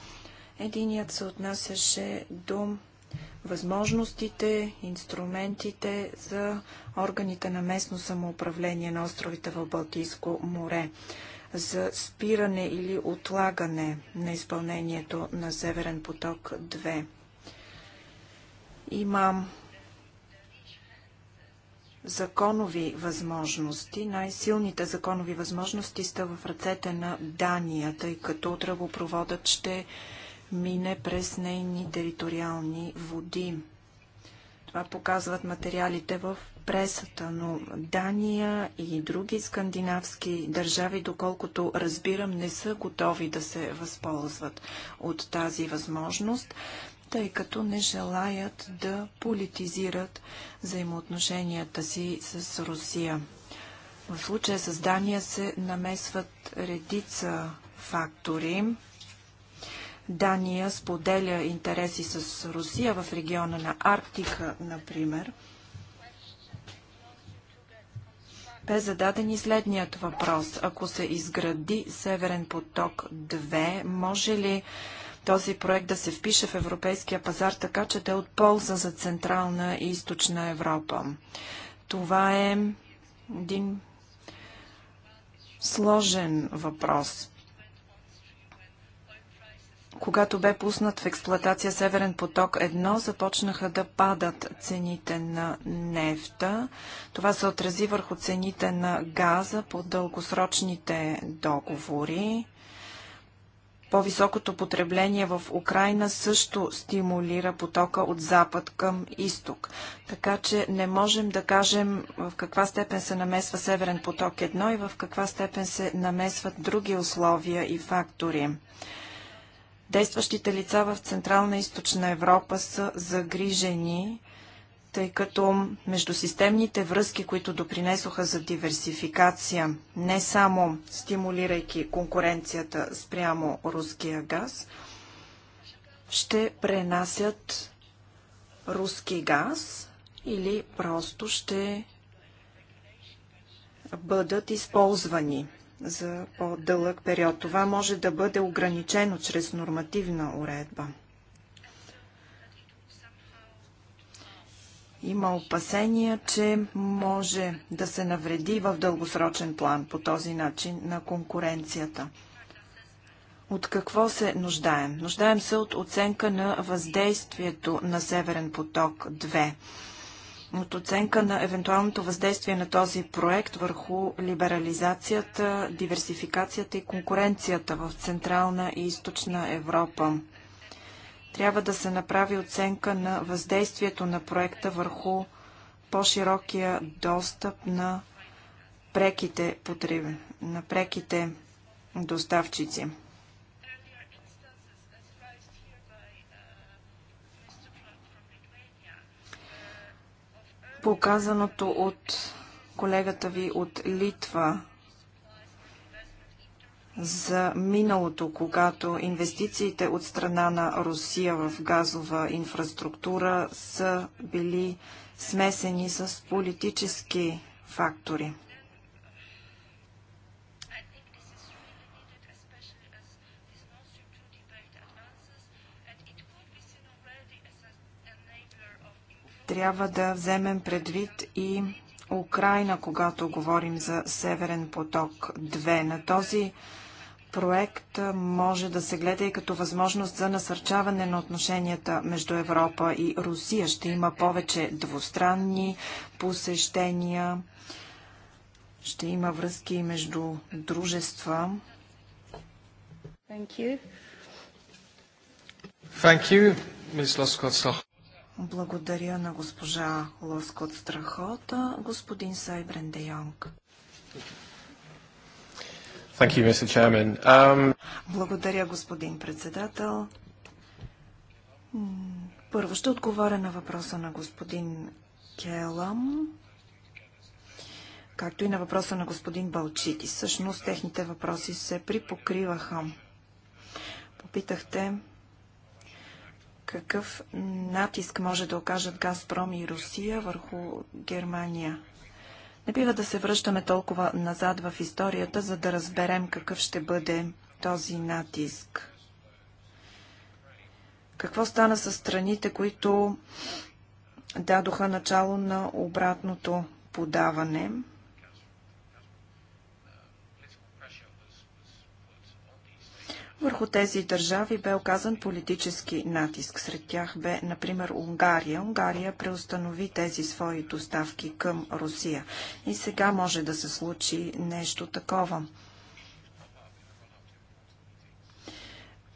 Единият се отнасяше до възможностите, инструментите за органите на местно самоуправление на островите в Балтийско море за спиране или отлагане на изпълнението на Северен поток има законови възможности. Най-силните законови възможности са в ръцете на Дания, тъй като тръбопроводът ще мине през нейни териториални води. Това показват материалите в пресата, но Дания и други скандинавски държави, доколкото разбирам, не са готови да се възползват от тази възможност тъй като не желаят да политизират взаимоотношенията си с Русия. В случая с Дания се намесват редица фактори. Дания споделя интереси с Русия в региона на Арктика, например. бе зададен и следният въпрос. Ако се изгради Северен поток 2, може ли този проект да се впише в европейския пазар, така че да е от полза за Централна и Източна Европа. Това е един сложен въпрос. Когато бе пуснат в експлоатация Северен поток 1, започнаха да падат цените на нефта. Това се отрази върху цените на газа по дългосрочните договори. По-високото потребление в Украина също стимулира потока от запад към изток. Така че не можем да кажем в каква степен се намесва Северен поток едно и в каква степен се намесват други условия и фактори. Действащите лица в Централна и Източна Европа са загрижени тъй като междусистемните връзки, които допринесоха за диверсификация, не само стимулирайки конкуренцията спрямо руския газ, ще пренасят руски газ или просто ще бъдат използвани за по-дълъг период. Това може да бъде ограничено чрез нормативна уредба. Има опасения, че може да се навреди в дългосрочен план по този начин на конкуренцията. От какво се нуждаем? Нуждаем се от оценка на въздействието на Северен поток 2 от оценка на евентуалното въздействие на този проект върху либерализацията, диверсификацията и конкуренцията в Централна и Източна Европа трябва да се направи оценка на въздействието на проекта върху по-широкия достъп на преките, потреби, на преките доставчици. Показаното от колегата ви от Литва за миналото, когато инвестициите от страна на Русия в газова инфраструктура са били смесени с политически фактори. Трябва да вземем предвид и Украина, когато говорим за Северен поток 2. На този проект може да се гледа и като възможност за насърчаване на отношенията между Европа и Русия. Ще има повече двустранни посещения, ще има връзки между дружества. Thank you. Thank you, Ms. Благодаря на госпожа Лоскот Страхота, господин Сайбрен Де Йонг. Thank you. Thank you, Mr. Chairman. Um... Благодаря, господин председател. Първо ще отговоря на въпроса на господин Келам, както и на въпроса на господин Балчити. Всъщност, техните въпроси се припокриваха. Попитахте какъв натиск може да окажат Газпром и Русия върху Германия. Не бива да се връщаме толкова назад в историята, за да разберем какъв ще бъде този натиск. Какво стана с страните, които дадоха начало на обратното подаване? Върху тези държави бе оказан политически натиск. Сред тях бе, например, Унгария. Унгария преустанови тези свои доставки към Русия. И сега може да се случи нещо такова.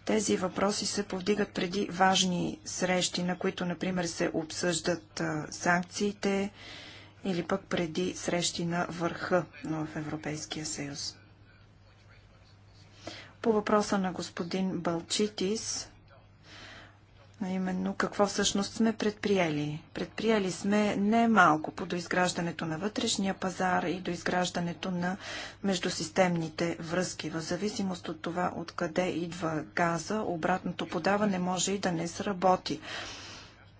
Тези въпроси се повдигат преди важни срещи, на които, например, се обсъждат санкциите или пък преди срещи на върха в Европейския съюз. По въпроса на господин Балчитис, а именно какво всъщност сме предприели. Предприели сме не малко по доизграждането на вътрешния пазар и доизграждането на междусистемните връзки. В зависимост от това откъде идва газа, обратното подаване може и да не сработи.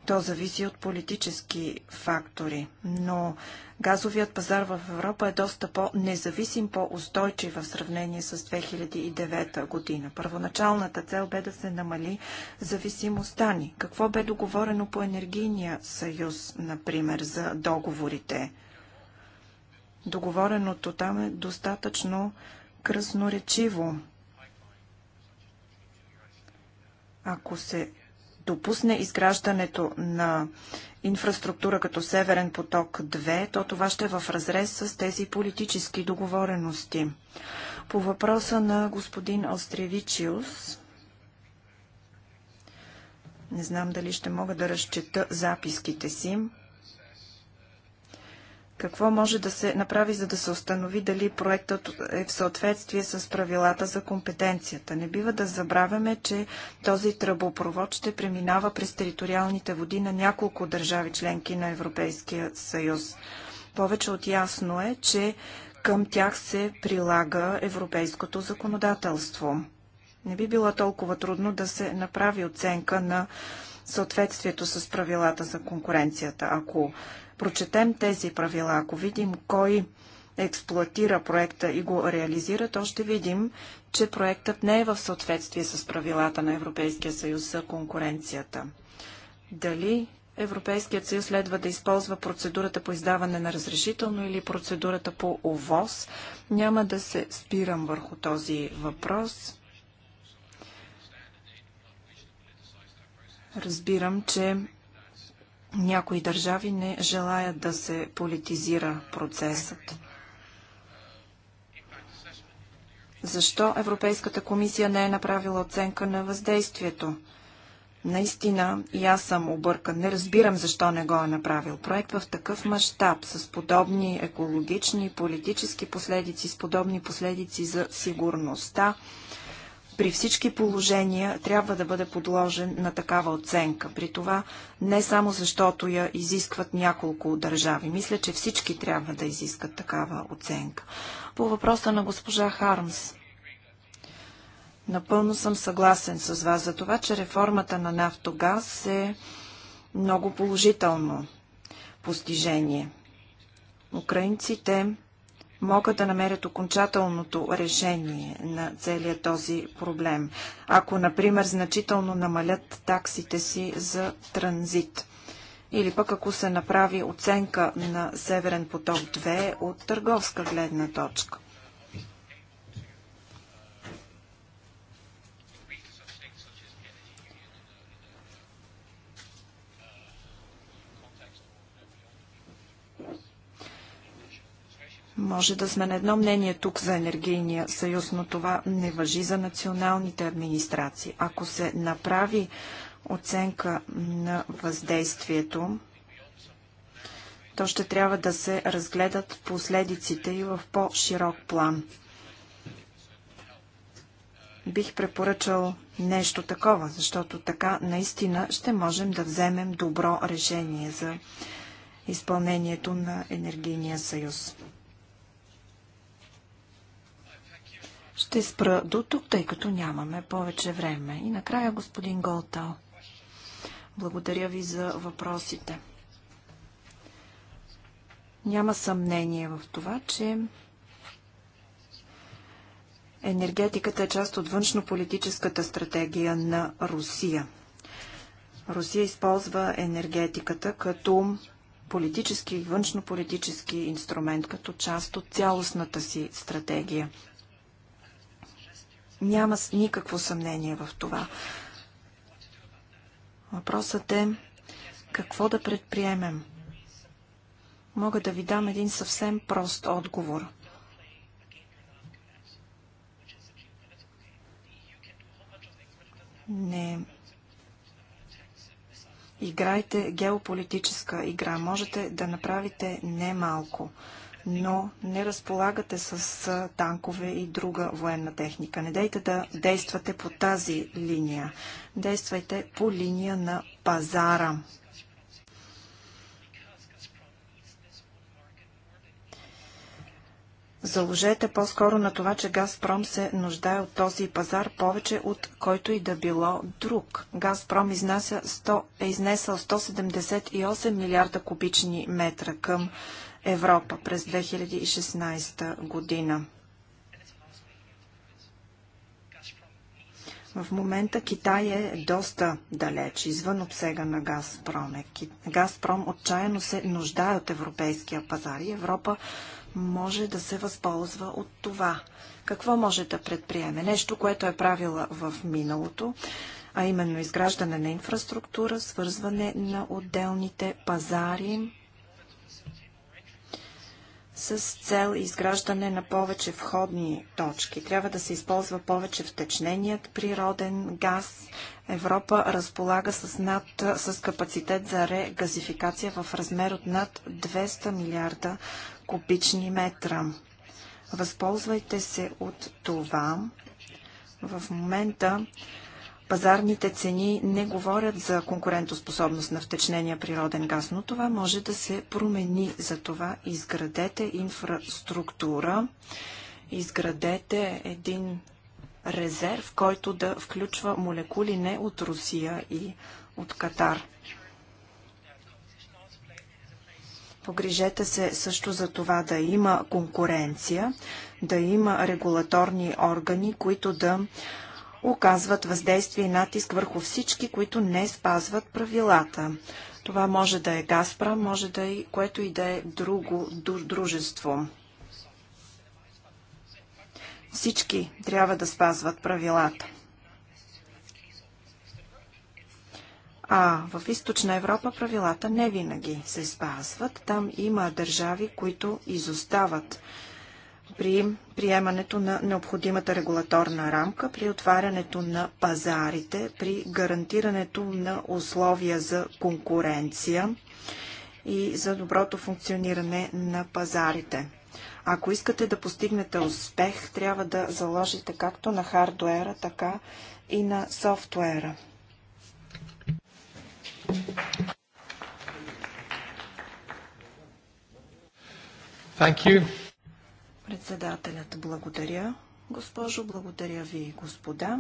То зависи от политически фактори, но газовият пазар в Европа е доста по-независим, по-устойчив в сравнение с 2009 година. Първоначалната цел бе да се намали зависимостта ни. Какво бе договорено по енергийния съюз, например, за договорите? Договореното там е достатъчно кръсноречиво. Ако се допусне изграждането на инфраструктура като Северен поток 2, то това ще е в разрез с тези политически договорености. По въпроса на господин Остревичиус, не знам дали ще мога да разчета записките си. Какво може да се направи, за да се установи дали проектът е в съответствие с правилата за компетенцията? Не бива да забравяме, че този тръбопровод ще преминава през териториалните води на няколко държави членки на Европейския съюз. Повече от ясно е, че към тях се прилага европейското законодателство. Не би било толкова трудно да се направи оценка на съответствието с правилата за конкуренцията. Ако прочетем тези правила, ако видим кой експлуатира проекта и го реализира, то ще видим, че проектът не е в съответствие с правилата на Европейския съюз за конкуренцията. Дали Европейският съюз следва да използва процедурата по издаване на разрешително или процедурата по ОВОз, няма да се спирам върху този въпрос. Разбирам, че някои държави не желаят да се политизира процесът. Защо Европейската комисия не е направила оценка на въздействието? Наистина, и аз съм объркан. Не разбирам защо не го е направил. Проект в такъв мащаб, с подобни екологични и политически последици, с подобни последици за сигурността, при всички положения трябва да бъде подложен на такава оценка. При това не само защото я изискват няколко държави. Мисля, че всички трябва да изискат такава оценка. По въпроса на госпожа Хармс. Напълно съм съгласен с вас за това, че реформата на Нафтогаз е много положително постижение. Украинците могат да намерят окончателното решение на целия този проблем. Ако, например, значително намалят таксите си за транзит. Или пък ако се направи оценка на Северен поток 2 от търговска гледна точка. Може да сме на едно мнение тук за енергийния съюз, но това не въжи за националните администрации. Ако се направи оценка на въздействието, то ще трябва да се разгледат последиците и в по-широк план. Бих препоръчал нещо такова, защото така наистина ще можем да вземем добро решение за изпълнението на Енергийния съюз. Ще спра до тук, тъй като нямаме повече време. И накрая господин Голтал. Благодаря ви за въпросите. Няма съмнение в това, че енергетиката е част от външнополитическата стратегия на Русия. Русия използва енергетиката като политически и външнополитически инструмент, като част от цялостната си стратегия. Няма никакво съмнение в това. Въпросът е какво да предприемем. Мога да ви дам един съвсем прост отговор. Не. Играйте геополитическа игра. Можете да направите немалко. малко но не разполагате с танкове и друга военна техника. Не дейте да действате по тази линия. Действайте по линия на пазара. Заложете по-скоро на това, че Газпром се нуждае от този пазар повече от който и да било друг. Газпром изнася 100, е изнесъл 178 милиарда кубични метра към Европа през 2016 година. В момента Китай е доста далеч, извън обсега на Газпром. Е, Газпром отчаяно се нуждае от европейския пазар и Европа може да се възползва от това. Какво може да предприеме? Нещо, което е правила в миналото, а именно изграждане на инфраструктура, свързване на отделните пазари, с цел изграждане на повече входни точки. Трябва да се използва повече втечненият природен газ. Европа разполага с, над, с капацитет за регазификация в размер от над 200 милиарда кубични метра. Възползвайте се от това. В момента Пазарните цени не говорят за конкурентоспособност на втечнения природен газ, но това може да се промени. За това изградете инфраструктура, изградете един резерв, който да включва молекули не от Русия и от Катар. Погрижете се също за това да има конкуренция, да има регулаторни органи, които да оказват въздействие и натиск върху всички, които не спазват правилата. Това може да е Газпра, може да е което и да е друго дружество. Всички трябва да спазват правилата. А в източна Европа правилата не винаги се спазват. Там има държави, които изостават при приемането на необходимата регулаторна рамка, при отварянето на пазарите, при гарантирането на условия за конкуренция и за доброто функциониране на пазарите. Ако искате да постигнете успех, трябва да заложите както на хардуера, така и на софтуера. Thank you. Председателят, благодаря. Госпожо, благодаря ви, господа.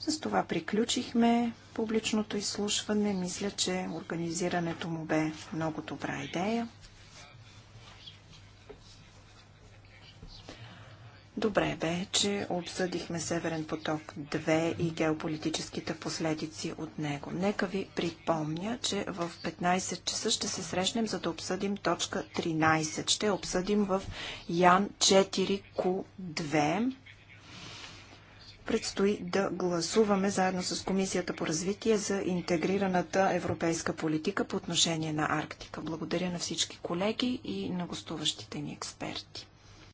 С това приключихме публичното изслушване. Мисля, че организирането му бе много добра идея. Добре бе, че обсъдихме Северен поток 2 и геополитическите последици от него. Нека ви припомня, че в 15 часа ще се срещнем, за да обсъдим точка 13. Ще обсъдим в Ян 4Q2. Предстои да гласуваме заедно с Комисията по развитие за интегрираната европейска политика по отношение на Арктика. Благодаря на всички колеги и на гостуващите ни експерти.